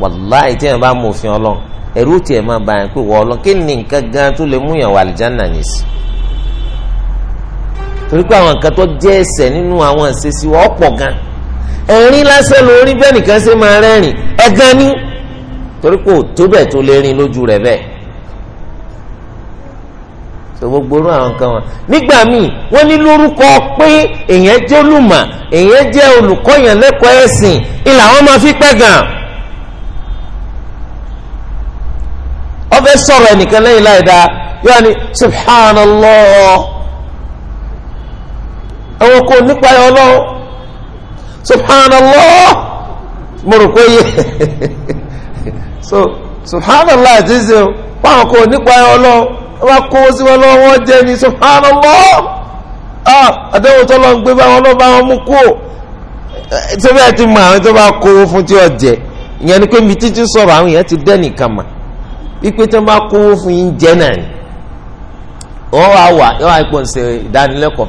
Speaker 1: wàláì tí yẹn bá mú òfin ọlọ́run ẹ̀rú tiẹ̀ máa bá yẹn pé wọ́ ọlọ́run kí ni nǹkan gan tó lè mú yàn wà àlìjáná yìí sí torí pé àwọn nǹkan tó jẹ́ ẹ̀ṣẹ̀ nínú àwọn ìṣesí wọ́n pọ̀ gan ẹ̀rín lásán lórí bẹ́ẹ̀ nìkan ṣe máa rẹ́rìn ẹ̀gàn ni torí pé òtó tó lè rìn lójú rẹ̀ bẹ́ẹ̀ so gbogbo orú àwọn kan wọn nígbà míì wọn ní lórúkọ pé èèyàn jẹ́ olùmọ̀ èèyàn jẹ́ lẹ́kọ̀ọ́ ẹ̀sìn ilà wọn máa fi pẹ́ ọ ọbẹ̀ sọ̀rọ̀ ẹnìkan lẹ́yìn láì dáa yóò ní àwọn kò nípa so àti ṣe kò Ọ kó sí wọn lọ́wọ́ wọn jẹ ní subhanallah ah, àdéhùn tó lọ ń gbé báwọn bá wọn mú kú ò sẹ́fẹ́ eh, ẹ ti mọ àwọn tó bá kọwọ fún tí ó jẹ ìyẹn ni pé mi títí àwọn ti dẹ́nìkan mà wípé tó bá kówó fún yín wà yọ wá ipò ṣe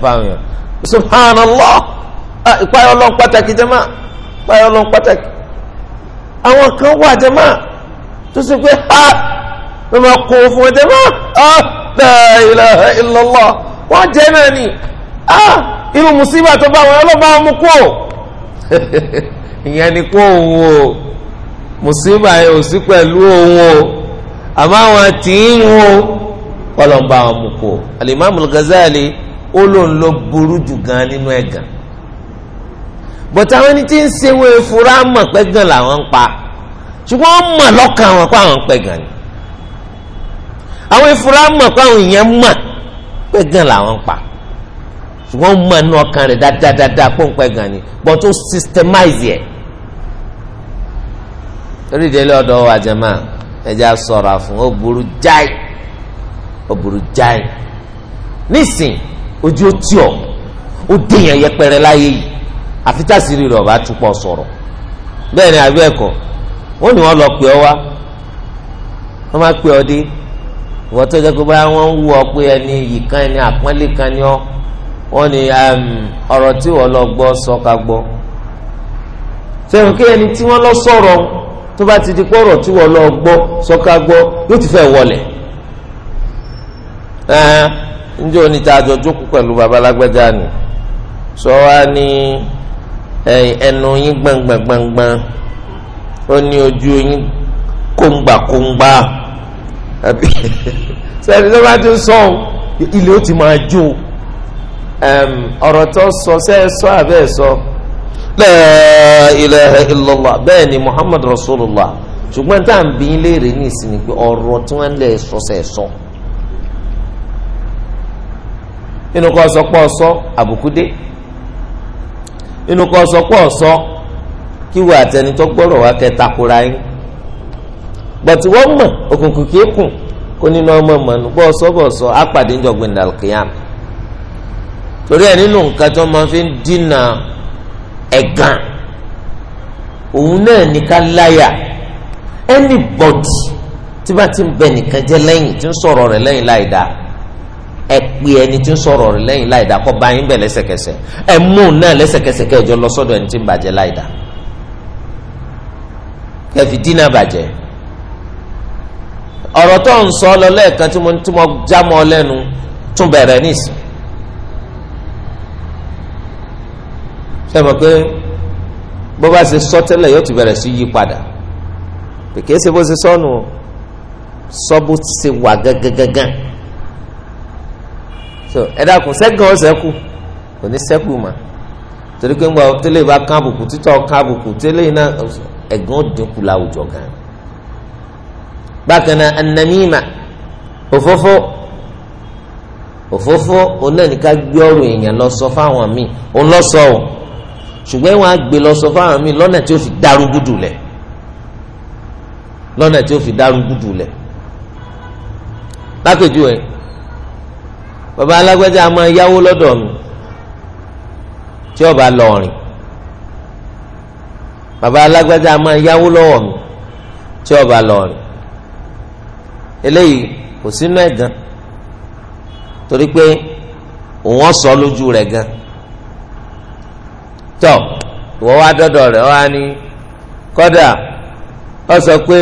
Speaker 1: fáwọn subhanallah ah, pàtàkì pàtàkì àwọn kan wà tó wọ́n máa kó fún wọn tẹ́ ah la ilaha illallah wọ́n jẹ́ náà ni ah irú musiba tó bá wọn ọlọ́ba mú kú o ìyẹn ni kó òun o musiba yẹn ò sí pẹ̀lú òun o àmọ́ àwọn tìín o ọlọ́ba wọn mú kú alimami Ghazali ó lóun ló burú jù gan nínú ẹ̀gàn bọ̀tà àwọn ẹni tí ń ṣe wọ́n efura pẹ́gàn làwọn ń pa ṣùgbọ́n wọ́n lọ́kàn wọn pé àwọn pẹ́gàn ni. àwọn ìfura mọ̀ pé àwọn èèyàn mọ̀ pé gan làwọn pa ṣùgbọ́n mọ̀ ní ọkàn rẹ̀ dáadáa pọ́npẹ́ gan ni but ó systemize ẹ̀ torí ìdílé ọ̀dọ́ wa ẹja sọ̀rọ̀ àfún ó burú jáì ó burú jáì nísìn ojú ó tì ọ́ ó dèèyàn yẹpẹrẹ láyé yìí ni wọ́n ní wọ́n lọ pè ọ́ wọ́n máa wọ́n tó jẹ́ pé báyà wọ́n ń wú ọ pé ẹni yìí kan ẹni àpọ́nlé kan ni ọ́ wọ́n ní um, ọ̀rọ̀ tí wọ́n lọ gbọ́ sọ ká gbọ́ fẹ́ràn kí ẹni tí wọ́n lọ sọ̀rọ̀ tó bá ti di pé ọ̀rọ̀ tí wọ́n lọ gbọ́ sọ ká gbọ́ yóò ti fẹ́ wọlé njẹ́ òní tá a jókòó pẹ̀lú babalágbẹ́já ni sọ wá ní ẹnu yín gbọ̀ngbọ̀ngbọ̀ngbọ̀n ó ní ojú yín kóńgbàkóńgbà. sẹ́ni tó bá ti sọ ilé ó ti máa jó ọ̀rọ̀ tó sọ sẹ́ẹ̀ sọ abẹ́ sọ la ilaha illallah bẹ́ẹ̀ ni muhammad rasulullah ṣùgbọ́n tá à ń bí léèrè ní ìsinmi pé ọ̀rọ̀ tí wọ́n lè sọ sẹ́ẹ̀ sọ. inú kọ́ sọ pé àbùkù dé inú kọ́ sọ bọ̀tí wọ́n mọ̀ òkùnkùn kì kùn kó nínú ọmọ mọ̀nù bọ́ sọ́bọ̀sọ́ apàdé ń dàlùkìyàm torí ẹ̀ nínú nǹkan tó máa fi ń dínà ẹ̀gàn òun náà ní ká láyà anybody tí bá ti ń bẹ nìkan jẹ́ lẹ́yìn tí ń sọ̀rọ̀ rẹ̀ lẹ́yìn ẹ pé ẹni ọ̀rọ̀ tó ń sọ lọ lẹ́ẹ̀kan tí mo tí mo já mọ́ lẹ́nu tún bẹ̀rẹ̀ nísìn. ṣé mo pé bó bá ṣe sọ tẹ́lẹ̀ yóò ti bẹ̀rẹ̀ sí yí padà kèké ṣe bó ṣe sọnù sọ bó ṣe wà gángan so ẹ dákun sẹ́gun ọ̀sẹ̀kù kò ní sẹ́kù mà torí pé ń gbà tẹ́lẹ̀ bá kábùkù títọ́ kábùkù tẹ́lẹ̀ iná ẹ̀gbọ́n dínkù láwùjọ gan-an bákan náà anamíma òfófó òfófó onáníká gbé ọ̀rọ̀ èèyàn lọ sọ fáwọn míì òun lọ sọ ọ ṣùgbọ́n ìwọ̀n àgbè lọ sọ fáwọn míì lọ́nà tí ó fi dàrúgudù lẹ̀ lọ́nà tí ó fi dàrúgudù lẹ̀ lápèjú ẹ bàbá alágbèjà máa yáwó lọ́dọ̀ mi tí ó bá bàbá alágbèjà máa yáwó lọ́wọ́ mi tí ó bá eléyìí kò sínú ẹ̀ gan torí pé òun ọ̀sọ́ lójú rẹ̀ gan tọ́ ìwọ́ wá dọ́dọ̀ rẹ̀ wá ní kọ́dà ọ sọ pé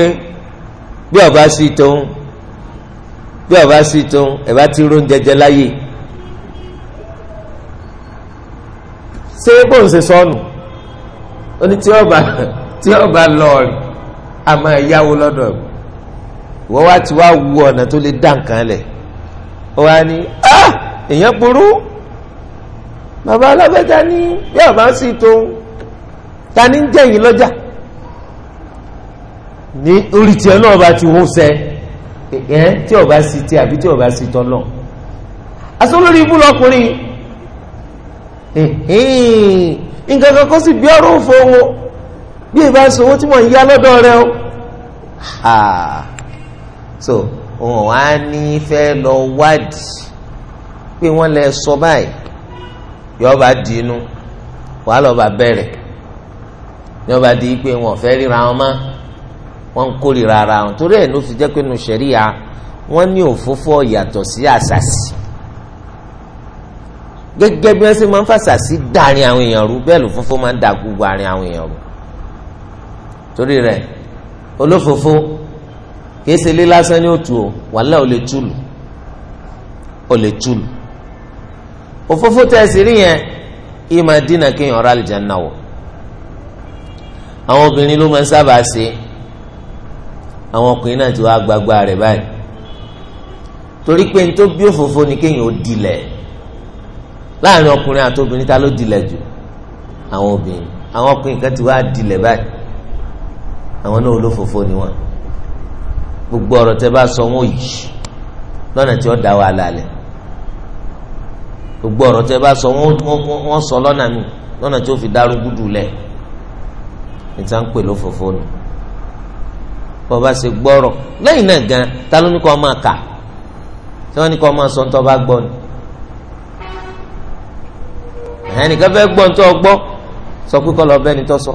Speaker 1: bí ọba sí tóun bí ọba sí tóun ẹ bá ti rún jẹjẹ láyè ṣé bó ń ṣe sọnù ó ní tí ọba tí ọba lọ rí a máa yáwó lọ́dọ̀ ẹ̀. Wọ́n wá ti wá wu ọ̀nà tó lè dá nǹkan lẹ̀ ó wá ní ah! èèyàn burú bàbá alágbèjà ní yóò bá sì tó ta ní ń jẹ̀yìn lọ́jà ní orí tiẹ̀ náà bá ti hún sẹ́ ẹ̀ tí ọba sì ti àbí tí ọba sì tọ́ náà asọ́lórí ibú lọkùnrin nǹkan kan kó sì bí ọ̀rọ̀ òfò wọn bí ìbá sọ owó tí mò ń yá lọ́dọ̀ rẹ o. so òun wá ní fẹ́ lọ wádìí pé wọ́n lè sọ báyìí yọba dínú wàá lọ́ba bẹ̀rẹ̀ yọba di pé wọn ò fẹ́ ríra wọn mọ́ wọn ń kórìíra ara wọn torí ẹ̀ ló fi jẹ́ pé nu ṣẹ̀ríya wọ́n ní òfófó yàtọ̀ sí àṣàṣì gẹ́gẹ́ bí wọ́n ṣe máa ń fàṣàṣì dàrin àwọn èèyàn rú bẹ́ẹ̀ lòfófó máa ń da gbogbo àrin àwọn èèyàn rú torí rẹ̀ olófófó kìí ṣe ilé lásán ní òtù o wàhálà ò lè túlù ò lè túlù òfófó tẹ̀sí rí yẹn ìmọ̀ dínà kéèyàn ọ̀rọ̀ àlìjáná wọ̀ àwọn obìnrin ló máa ń sábà ṣe àwọn ọkùnrin náà ti wá gbagba rẹ̀ báyìí torí pé ní bí òfófó ni kéèyàn ó dilẹ̀ láàrin ọkùnrin àti obìnrin ta ló dilẹ̀ jù àwọn obìnrin àwọn ọkùnrin kan ti wá dilẹ̀ báyìí àwọn náà olófófó ni wọ́n gbogbo ọ̀rọ̀ tẹ́ bá sọ wọn yìí lọ́nà tí ó dá wàhálà lẹ̀ gbogbo ọ̀rọ̀ tẹ́ bá sọ wọn sọ lọ́nà mi lọ́nà tí ó fi dárú gúdù lẹ̀ níta ń pè lófòfó nù bọ́ bá ṣe gbọ́rọ̀ lẹ́yìn náà gan ta ló ní kó máa kà tí wọ́n ní kó máa sọ ń tọ́ bá gbọ́ ni ẹnìkan fẹ́ gbọ́ ń tọ́ gbọ́ sọ pé kọ́ lọ bẹ́ẹ̀ ni tọ́ sọ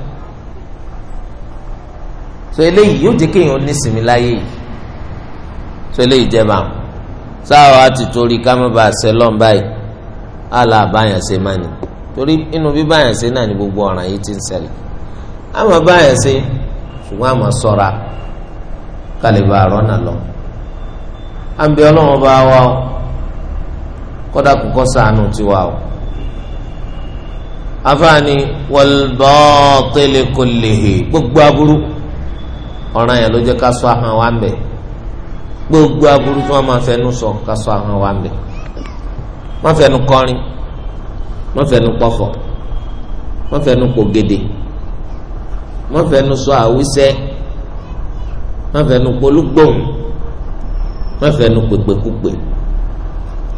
Speaker 1: so eléyìí yóò jẹ́ kéèyàn ní sinmi láyé yìí tó lè jẹba sáwa ti torí ká má bàa ṣe lọ́n báyìí àlà àbáyàn ṣe má ni torí inú bíbáyàn ṣe náà ni gbogbo ọ̀ràn yìí ti ń ṣẹlẹ̀ àmọ́ báyàn ṣe ṣùgbọ́n àmọ́ sọ́ra kálíbà rọ́nà lọ. àǹbẹ̀ ọlọ́run bá wa o kọ́dà kúkọ́ sànù tiwa o. afaani wal batil kullihi gbogbo aburú ọ̀ràn yẹn ló jẹ́ ká sọ àhàn wa ń bẹ̀ẹ́ gbogbo aburú tí wọn máa fẹnu sọ ká sọ àwọn wa mbẹ wọn fẹnu kọrin wọn fẹnu pọfọ wọn fẹnu pògede wọn fẹnu sọ àwísẹ wọn fẹnu polúgbòhùn wọn fẹnu pèpèkúpè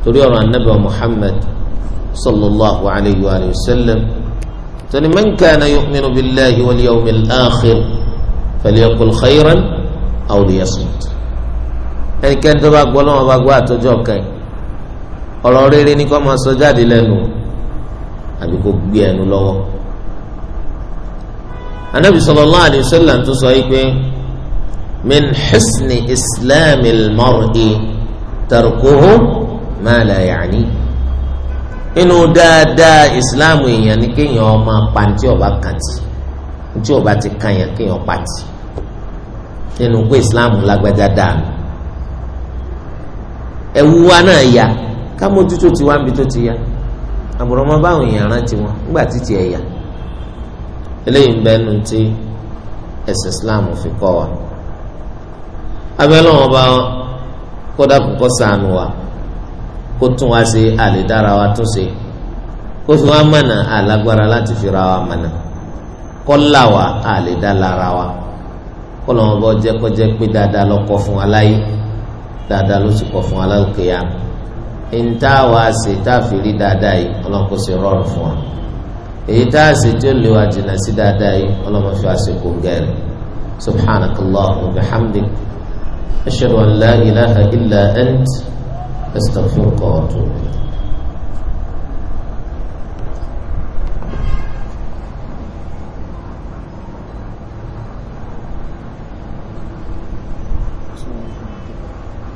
Speaker 1: torí ọ̀rọ̀ anabi wa muhammad sallallahu alayhi wa sallam tani man kana yu'minu billahi wal yawmil akhir falyaqul khayran aw liyasmut ẹnikẹ́ni tó bá gbọ́ lọ́wọ́ bá gbọ́ àtọ́jọ́ kẹ́yìn ọ̀rọ̀ rere ni kó máa sọ jáde lẹ́nu àbí kó gbé ẹnu lọ́wọ́. anabi sallallahu alayhi wa sallam tó sọ yìí pé min husni Islam al-mar'i Mala, ma la ya'ni inú dáadáa ìsìláàmù èèyàn ni kéèyàn ọmọ pàǹtí ọba kàǹtì tí ọba ti kàyàn kéèyàn pàǹtì nínú pé ìsìláàmù lágbájá dáa nù ẹ̀wù wa náà yá kámójútó ti wá níbi tó ti yá àbùrọ̀mọ́ báwọn èèyàn rántí wọn nígbà tí tiẹ̀ eléyìí ń Islam fi kọ́ wa abẹ́lẹ́ wọn bá kódà kókó sànù wa kó tún wá sí àlédára wa tó ṣe kó láti fi ra wa mọ̀nà kọ́là wa wọn bọ́ pé dáadáa lọ́kọ́ fún láyé. dáadáa ló sì kọ fún aláwòkè yá ntá wa ṣe tá a fi rí dáadáa yìí ọlọ́kùn sì rọrùn fún wa èyí tá a ṣe tí ó lè wa jìnnà sí dáadáa yìí ọlọ́mọ fi wá ṣe kó gẹ̀rẹ́ subhanak allahumma wa bihamdik ashhadu an ilaha illa ant astaghfiruka wa atubu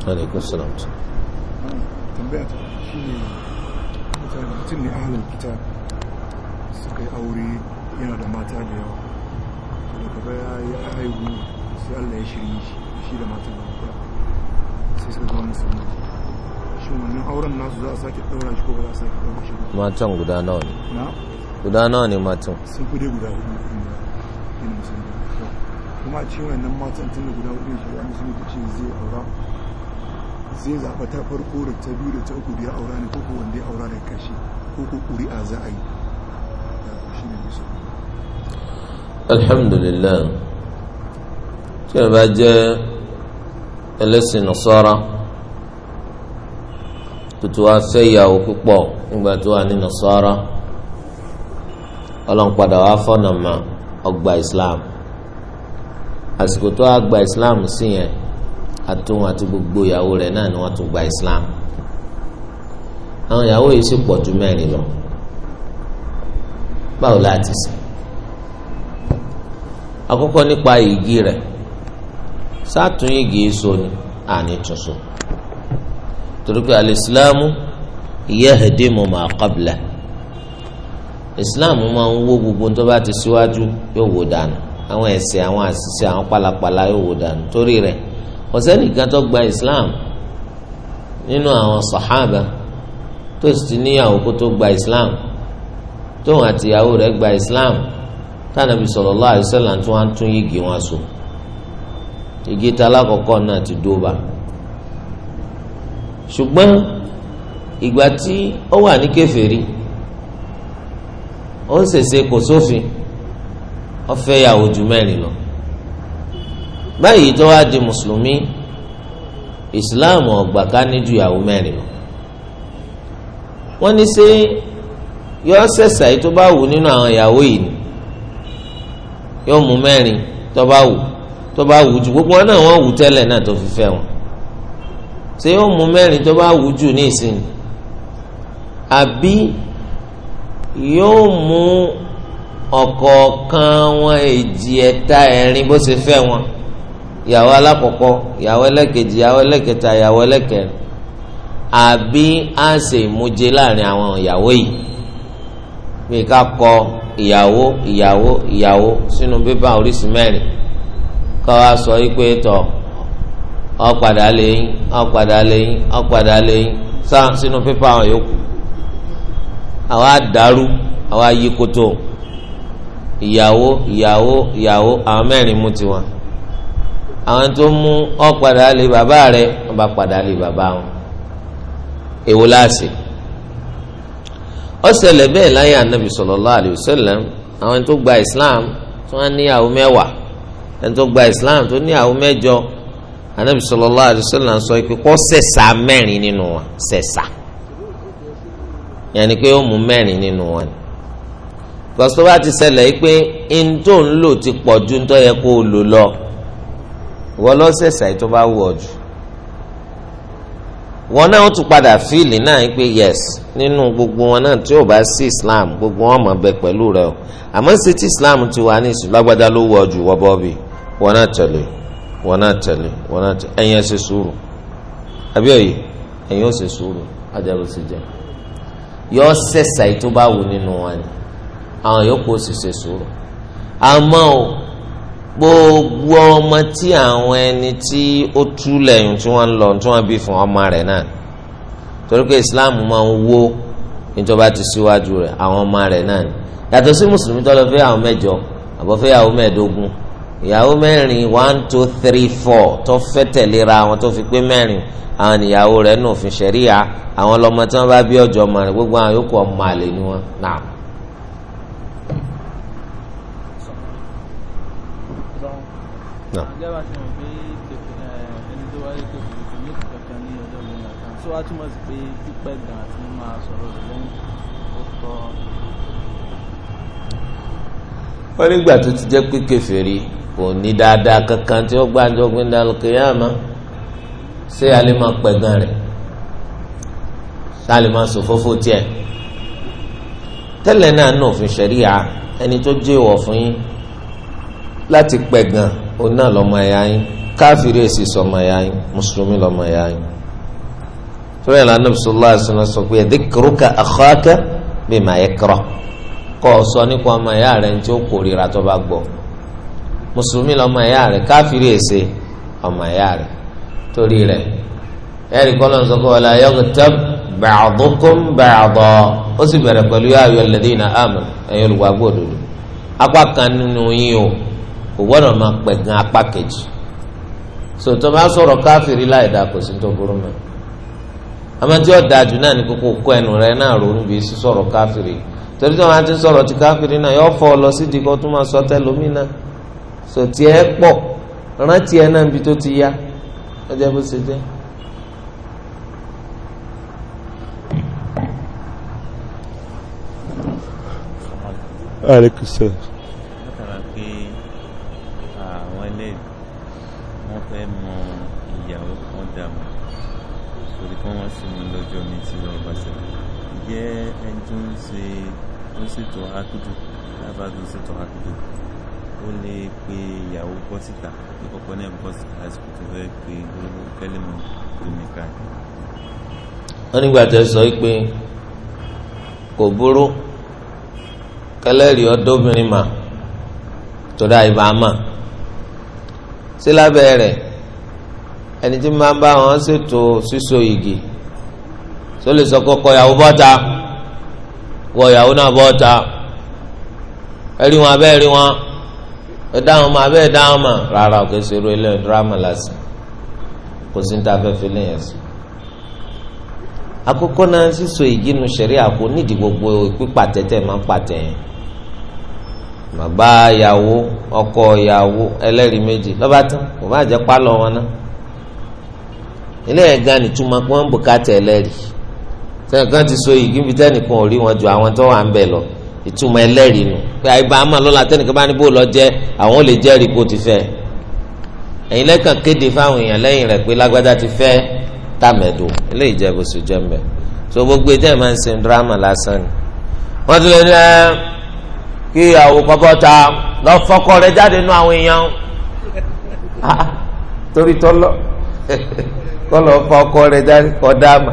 Speaker 1: alaikun salam tambaya ta shi ne mutum ne ahalin kita suka yi aure yana da mata da yawa daga baya ya haihu sai allah ya shirye shi da mata da mata sai suka zama shi wannan auren nasu za a sake shi ko ba za a sake shi ba matan guda nawa ne guda nawa ne matan sun guda hudu kuma a ce wannan matan tun da guda hudu ne shi zai aura zai zaɓa ta farko da ta biyu da ta uku da ya aura ne koko wanda ya aura da kashi koko ƙuri'a za a yi shi ne bisa alhamdulillah tí a bá jẹ́ ẹlẹ́sìn nasara tuntun wa fẹ́ ìyàwó púpọ̀ nígbà tó wà ní nasara ọlọ́npadà wa fọ́nà ma ọgbà islam àsìkò tó wà gba islam sí yẹn. àtúnwò àti gbogbo ìyàwó rẹ náà ni gba islam àwọn ìyàwó yìí sì pọ̀ ju mẹ́rin lọ báwo la ti sè àkọ́kọ́ nípa igi rẹ̀ sátún igi so ni àní túnṣe torí pé alìsílámù ma qabla islam máa ń wó gbogbo tó bá ti síwájú yóò wò dànù àwọn ẹ̀ṣẹ̀ àwọn àṣìṣe àwọn pálapàla yóò wò ọ̀sẹ́nìkan tó gba islam nínú àwọn sàhábà tó sì ti níyàwó kó tó gba islam tóun àti ìyàwó rẹ̀ gba islam tánàbí sallallahu alaihi wasallam tí wọ́n á tún yìgì wọn so igi ta alákọ̀ọ́kọ́ náà ti dóba ṣùgbọ́n ìgbà tí ó wà ní kèfèrí ó ń ṣèṣe kò sófin ó fẹ́ yàwó ju mẹ́rin lọ báyìí tó wá di mùsùlùmí ìsìláàmù ọgbà ká ní ju ìyàwó mẹ́rin lọ wọ́n ní ṣé yọ ṣẹ̀ṣà yìí tó bá wù nínú àwọn ìyàwó yìí ni yóò mú mẹ́rin tó bá wù tó bá wù jù gbogbo wọn náà wọ́n wù tẹ́lẹ̀ náà tó fi fẹ́ wọn ṣé yóò mú mẹ́rin tó bá wù jù ní ìsìn àbí yóò mú ọ̀kọ̀ọ̀kan wọn èjì ẹ̀ta ẹ̀rin bó ṣe fẹ́ wọn ìyàwó alákọ̀ọ́kọ́ ìyàwó ẹlẹ́kejì ìyàwó ẹlẹ́kẹta ìyàwó ẹlẹ́kẹrin àbí á ṣe ìmújẹ láàrin àwọn ìyàwó yìí bí ká kọ ìyàwó ìyàwó ìyàwó sínú bébà oríṣi mẹ́rin ká wá sọ wípé tọ ọ̀padà lẹ́yìn ọ̀padà lẹ́yìn ọ̀padà lẹ́yìn sáà sínú pépà àwọn yòókù àwa dàrú àwa yí kótó ìyàwó ìyàwó ìyàwó àwọn mẹ́rin mú tiwọn. àwọn tó mú ọ padà lé bàbá rẹ wọn bá padà lé bàbá wọn èwo láàṣì ó ṣẹlẹ̀ bẹ́ẹ̀ láyé anabi sọlọ alayhi wa sallam àwọn tó gba islam tó wọn níyàwó mẹwàá ẹni tó gba islam tó níyàwó mẹ́jọ anabi sallallahu alayhi wa sallam sọ pé kó ṣẹ̀ṣà mẹ́rin nínú wọn ṣẹ̀ṣà yẹn ni pé ó mú mẹ́rin nínú wọn ni gbọ́sọ́ bá ti ṣẹlẹ̀ yìí pé ntò ń lò ti pọ̀ ju ntọ́ yẹ kó o lò lọ. wọ́n lọ sẹ̀sà tó bá wù ọ́ jù wọn náà tún padà fíìlì náà pé yes nínú gbogbo wọn náà tí ò bá sí Islam gbogbo wọn mọ̀ bẹ pẹ̀lú rẹ o àmọ́ sí ti Islam ti wà ní ìsìn lágbádá ló wù ọ́ jù wọ́n bọ́ọ̀bì wọn náà tẹ̀lé wọn náà tẹ̀lé wọn náà tẹ̀lé ẹ̀yin ẹ̀ sùúrù àbí ẹ̀yin ò sùúrù ajá ló jẹ́ yọ sẹ̀sà tó nínú wọn ni àwọn yòókù ó sì ṣe sùúrù àmọ́ gbogbo ọmọ tí àwọn ẹni tí ó tú lẹ́yìn tí wọ́n ń lọ tí wọ́n bí fún ọmọ rẹ̀ náà torí pé Islam máa ń wó níjọba ti síwájú rẹ̀ àwọn ọmọ rẹ̀ náà ni yàtọ̀ sí mùsùlùmí tó fẹ́ àwọn mẹ́jọ àbọ̀ fẹ́ mẹ́ẹ̀ẹ́dógún ìyàwó mẹ́rin one two three four tó fẹ́ tẹ̀léra àwọn tó fi pé mẹ́rin àwọn ìyàwó rẹ̀ nù fi ṣẹ̀ríya àwọn lọ́mọ tí wọ́n bá bí ọjọ́ ọmọ rẹ̀ gbogbo àwọn yòókù ọmọ àlè ni wọ́n náà. wọ́n nígbà tó ti jẹ́ pé kèfèrí kò ní dáadáa kankan tí ó gbàjọ gbẹ́ndà lókèyàmá ṣé a lè máa pẹ̀gàn rẹ̀ tá lè máa sòfófó tiẹ̀ tẹ́lẹ̀ náà nù òfin ṣẹ̀ríà ẹni tó jẹ́ ìwọ̀ fún yín láti pẹ̀gàn òun náà lọ́mọ ẹ̀yà yín káfíìrì èsì sọmọ ẹ̀yà yín mùsùlùmí lọ́mọ ẹ̀yà yín torí ẹ̀la anabi sọlá àṣùnà sọ pé dhikruka akhaka bima yakrah kọ́ ọ sọ nípa ọmọ ẹ̀yà rẹ̀ ní tí ó kórìíra tó bá gbọ́ mùsùlùmí lọ́mọ ẹ̀yà rẹ̀ káfíìrì èsì ọmọ ẹ̀yà rẹ̀ torí rẹ̀ ẹ̀rí kọ́lọ́ sọ pé wala yaghtab ba'dukum ba'da ó sì bẹ̀rẹ̀ pẹ̀lú ya ayyuhalladhina kò gbọ́dọ̀ máa pẹ̀gàn apá kejì sòtò máa sọ̀rọ̀ káfíìrì láì dáa kò sí tó burú mọ́ amadi ọ̀dàjù náà ní kókó kó ẹnu rẹ náà ronú bí sísọ̀rọ̀ káfíìrì torí tí wọ́n ti sọ̀rọ̀ ti káfíìrì náà yọ fọ́ ọ lọ sídìí kó tó máa sọ tẹ́lómi náà sòtì ẹ pọ̀ rántí ti yá ọjọ́ mi ti lọ pàṣẹ jẹ́ ẹni tó ń ṣe ó ṣètò akudu lábàdún ṣètò akudu ó lè pe ìyàwó bọ́ síta kí kọ́kọ́ náà bọ́ síta lásìkò tó fẹ́ pe olówó kẹ́lẹ́mọ̀ tó nìka.
Speaker 2: wọ́n nígbà tẹ sọ
Speaker 1: pé kò burú
Speaker 2: kẹlẹ́rìí ọdọ́bìnrin
Speaker 1: mà torí àìbá mà sí lábẹ́ rẹ̀ ẹni tí máa ń bá wọn ṣètò sísọ igi tó lè sọ kọkọ ìyàwó bọ́ta wọ ìyàwó náà bọ́ta ẹ̀rí wọn abẹ́ ẹ̀rí wọn ẹ̀dáhùn mà abẹ́ ẹ̀dáhùn mà rárá òkè ṣerú ilé dírámà lásán kò sí ní ta fẹ́ fi léyìn ẹ̀sìn. àkókò náà sísọ ìyínú sẹ̀rí àpò nídìí gbogbo pípàtẹ́tẹ̀ máa pàtẹ́ bàbá ìyàwó ọkọ ìyàwó ẹlẹ́rìí méjì lọ́ba tán kò bá jẹ́ pálọ̀ wọn náà ilé ẹ̀gá nìtúmọ̀ pé wọ́n bùkátà ẹlẹ́rìí sẹ́nìkan ti so yìí kíbi tẹ́nìkan ò rí wọn ju àwọn tó wà ń bẹ̀ lọ ìtumọ̀ ẹlẹ́rìí nù pé àyíbá àmà lọ́la tẹ́nìkan bá ní bó lọ jẹ́ àwọn ò lè jẹ́rìí kó ti fẹ́ ẹ̀yin lẹ́kàn kéde fáwọn èèyàn lẹ́yìn rẹ̀ pé lágbájá ti fẹ́ tàmẹ̀dò eléyìí jẹ́ bó ṣe jẹ́ mbẹ́ so gbogbo ẹ̀jẹ̀ máa ń ṣe dírámà lásán ni wọ́n ti lè ní ẹ́ kí àwọn kọ́kọ́ ta lọ fọ́kọ́ rẹ jáde nú àwọn èèyàn ah, torí tọ́lọ́ kọ́ lọ fọ́kọ́ rẹ jáde kọ́ dáàmà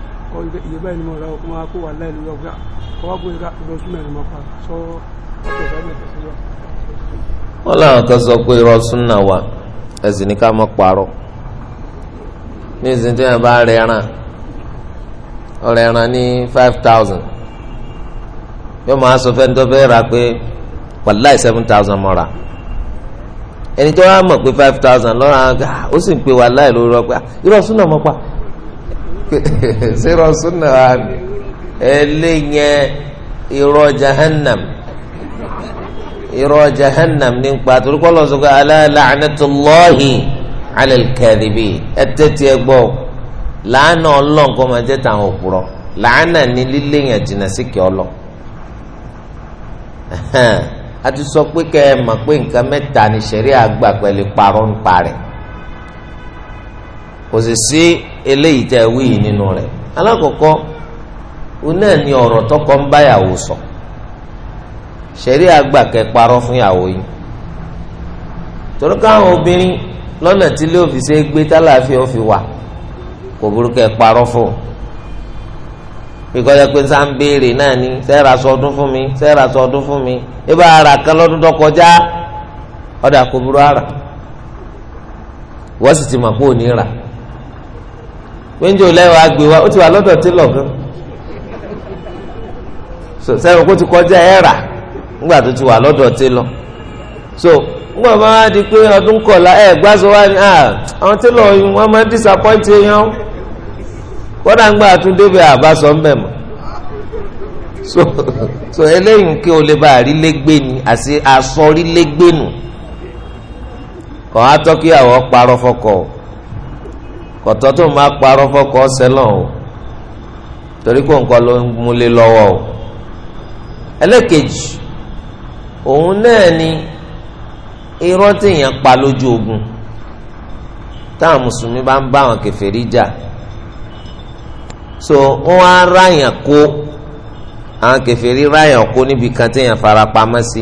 Speaker 1: qoyga iyo baynmooda ukumaha kan sọ pé súnà wà ní ká ní ìsìn tí bá ẹran five thousand yóò máa sọ fẹ́ni tó fẹ́ pé seven thousand mọ́ra ẹni tó wá mọ̀ pé five thousand lọ́ra ó sì ń lórí ọgbà irọ́ súnà mọ́ pa sírọ súnà wa mi eléyẹn irọ́ jahannam irọ́ jahannam ní pa torí kọ́ lọ́ọ́ sọ́kọ́ ala la'natullahi 'ala al-kadhibin ẹ tẹ́tí ẹ gbọ́ làánà ọlọ́nkọ́ máa jẹ́ tàwọn òpùrọ́ làánà ní líléyàn jìnnà síkì ọlọ́ a ti sọ pé kẹ́ ẹ mọ̀ pé nǹkan mẹ́ta ni ṣẹ̀rí àgbà pẹ̀lú parọ́ ń parẹ́ kò sì sí. eléyìí tẹ wíyì nínú rẹ̀ alákọ̀ọ́kọ́ òun náà ni tọkọ ń báyàwó sọ ṣẹ̀rí àgbà kẹ́ parọ́ fún ìyàwó yìí torí káwọn obìnrin lọ́nà tí ilé òfìsè gbé tálàfíà ó fi wà kò burú kẹ́ fún un pé ń béèrè náà ni fún mi sẹ́ẹ̀rà fún mi ara kan lọ́dún tó kọjá ọ̀dà kò burú ara wọ́n sì ti mọ̀ pé ò ní wíńdò lẹ́wọ̀ agbè wa ó ti wà lọ́dọ̀ télọ̀ gan so sẹ́wọ̀n kó ti kọjá ẹ̀ rà tó ti wà lọ́dọ̀ so nígbà máa di pé ọdún kọ̀ọ̀la ẹ̀ wa ni àwọn télọ̀ yìí wọ́n máa ń disappoint yẹn david kódà ń so so eléyìí kí o lè bá àrílégbé ni àti parọ́ kọ̀tọ́ tó máa parọ́ fọ́kọ́ sẹ́lọ̀ o torí kó nǹkan ló ń múlé lọ́wọ́ o ẹlẹ́kejì òun náà ni irọ́ téèyàn pa lójú ogun táwọn mùsùlùmí bá ń bá àwọn kèfèrí jà so wọn á ráyàn kó àwọn kèfèrí ráyàn kó níbi kan téèyàn fara pamọ́ sí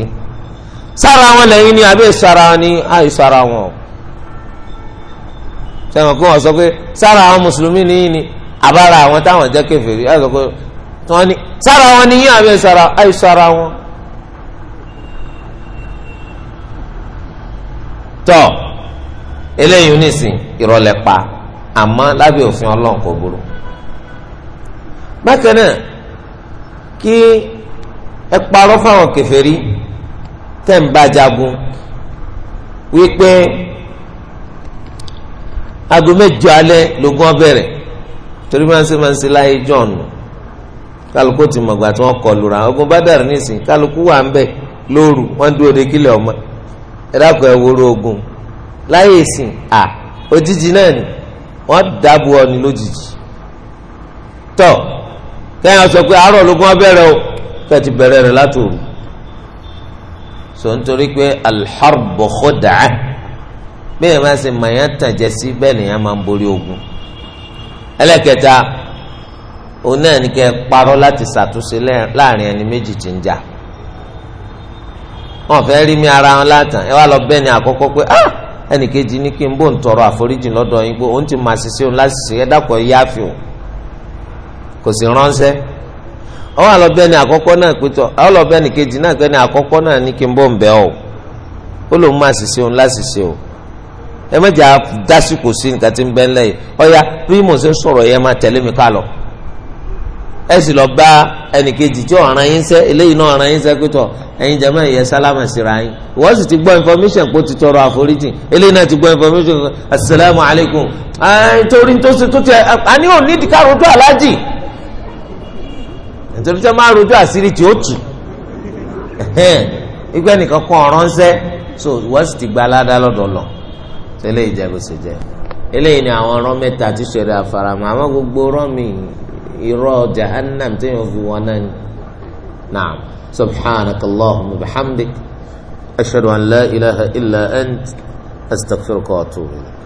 Speaker 1: sára wọn lẹ́yìn ni àbí èso ara wọn ni àìsọ ara wọn o sẹ́wọ̀n kí wọ́n sọ pé sára àwọn mùsùlùmí ni yín ni àbára àwọn táwọn jẹ́ kèfèrí ẹ̀ sọ pé wọ́n ní sára wọn ni yín àbí sára àì sára wọn. tọ́ eléyìí nísìn ìrọ̀lẹ́ pa àmọ́ lábẹ́ òfin ọlọ́run kò burú. bákan náà kí ẹ parọ́ fáwọn kèfèrí tẹ̀ ń bá jagun wípé aago mẹ́jọ alẹ́ lógún ọbẹ̀rẹ̀ torí máa ń ṣe máa ń ṣe láyé john kálukú ti mọ̀gbà tí wọ́n kọ lura ogun bádàrí nìsín kálukú wà ń bẹ̀ lóru wọ́n dúró de kílẹ̀ ọmọ ẹ dákọ̀ ẹ wóró ogun láyé ìsìn à òjijì náà ni wọ́n dábò ọ ní lójijì tọ́ kẹ́hìn sọ pé àárọ̀ lógún ọbẹ̀rẹ̀ o fẹ́ẹ́ ti bẹ̀rẹ̀ rẹ̀ látòru sọ nítorí pé alḥarbu khudaa. bẹ́ẹ̀ máa ṣe màyàn tàn sí bẹ́ẹ̀ nìyẹn máa ń borí ogun ẹlẹ́kẹta òun náà ní kẹ́ parọ́ láti ṣàtúnṣe láàrin ẹni méjì tí ń jà fẹ́ mi ara wọn látàn ẹ wá lọ bẹ́ẹ̀ ni ah ẹnì kejì ní kí n bò ń tọrọ àforíjì lọ́dọ̀ yín pé òun ti máa ṣiṣẹ́ òun láti ṣe o kò sì ránṣẹ́ ọwọ́ àlọ́bẹ́ni àkọ́kọ́ náà pétọ́ ọlọ́bẹ́ni kejì náà pé àkọ́kọ́ náà ní kí n bò ń bẹ́ ó máa o. ẹ mẹjẹ dásìkò sí nǹkan tí ń bẹ ńlẹ̀ yìí ọyà bí mo ṣe ń sọ̀rọ̀ yẹn máa tẹ̀lé mi ká lọ ẹ sì lọ bá ẹnìkejì tí ọ̀ràn yín sẹ́ eléyìí náà ọ̀ràn yín sẹ́ pẹ́tọ̀ ẹ̀yin jẹ́mọ́ ìyẹn sálámà síra yín wọ́n sì ti gbọ́ information kó ti tọrọ àforíjì eléyìí náà ti gbọ́ information asalaamu alaykum ẹ̀ torí tó ṣe tó tẹ àní ò ní ìdíkà rojú aláàjì nítorí tẹ máa rojú àṣírí tí ó so wọ́n sì ti gba tẹ́lẹ̀ ìjẹ́bùsẹ̀ jẹ́ eléyìí ni àwọn ọ̀rọ̀ mẹ́ta ti ṣẹlẹ̀ àfaramọ́ àmọ́ gbogbo rọ́ọ̀mì irọ́ jahannam téèyàn fi wọn náà ni naam subhanaka allahumma bihamdik ashhadu an la ilaha illa ant astaghfiruka wa atubu ilayk.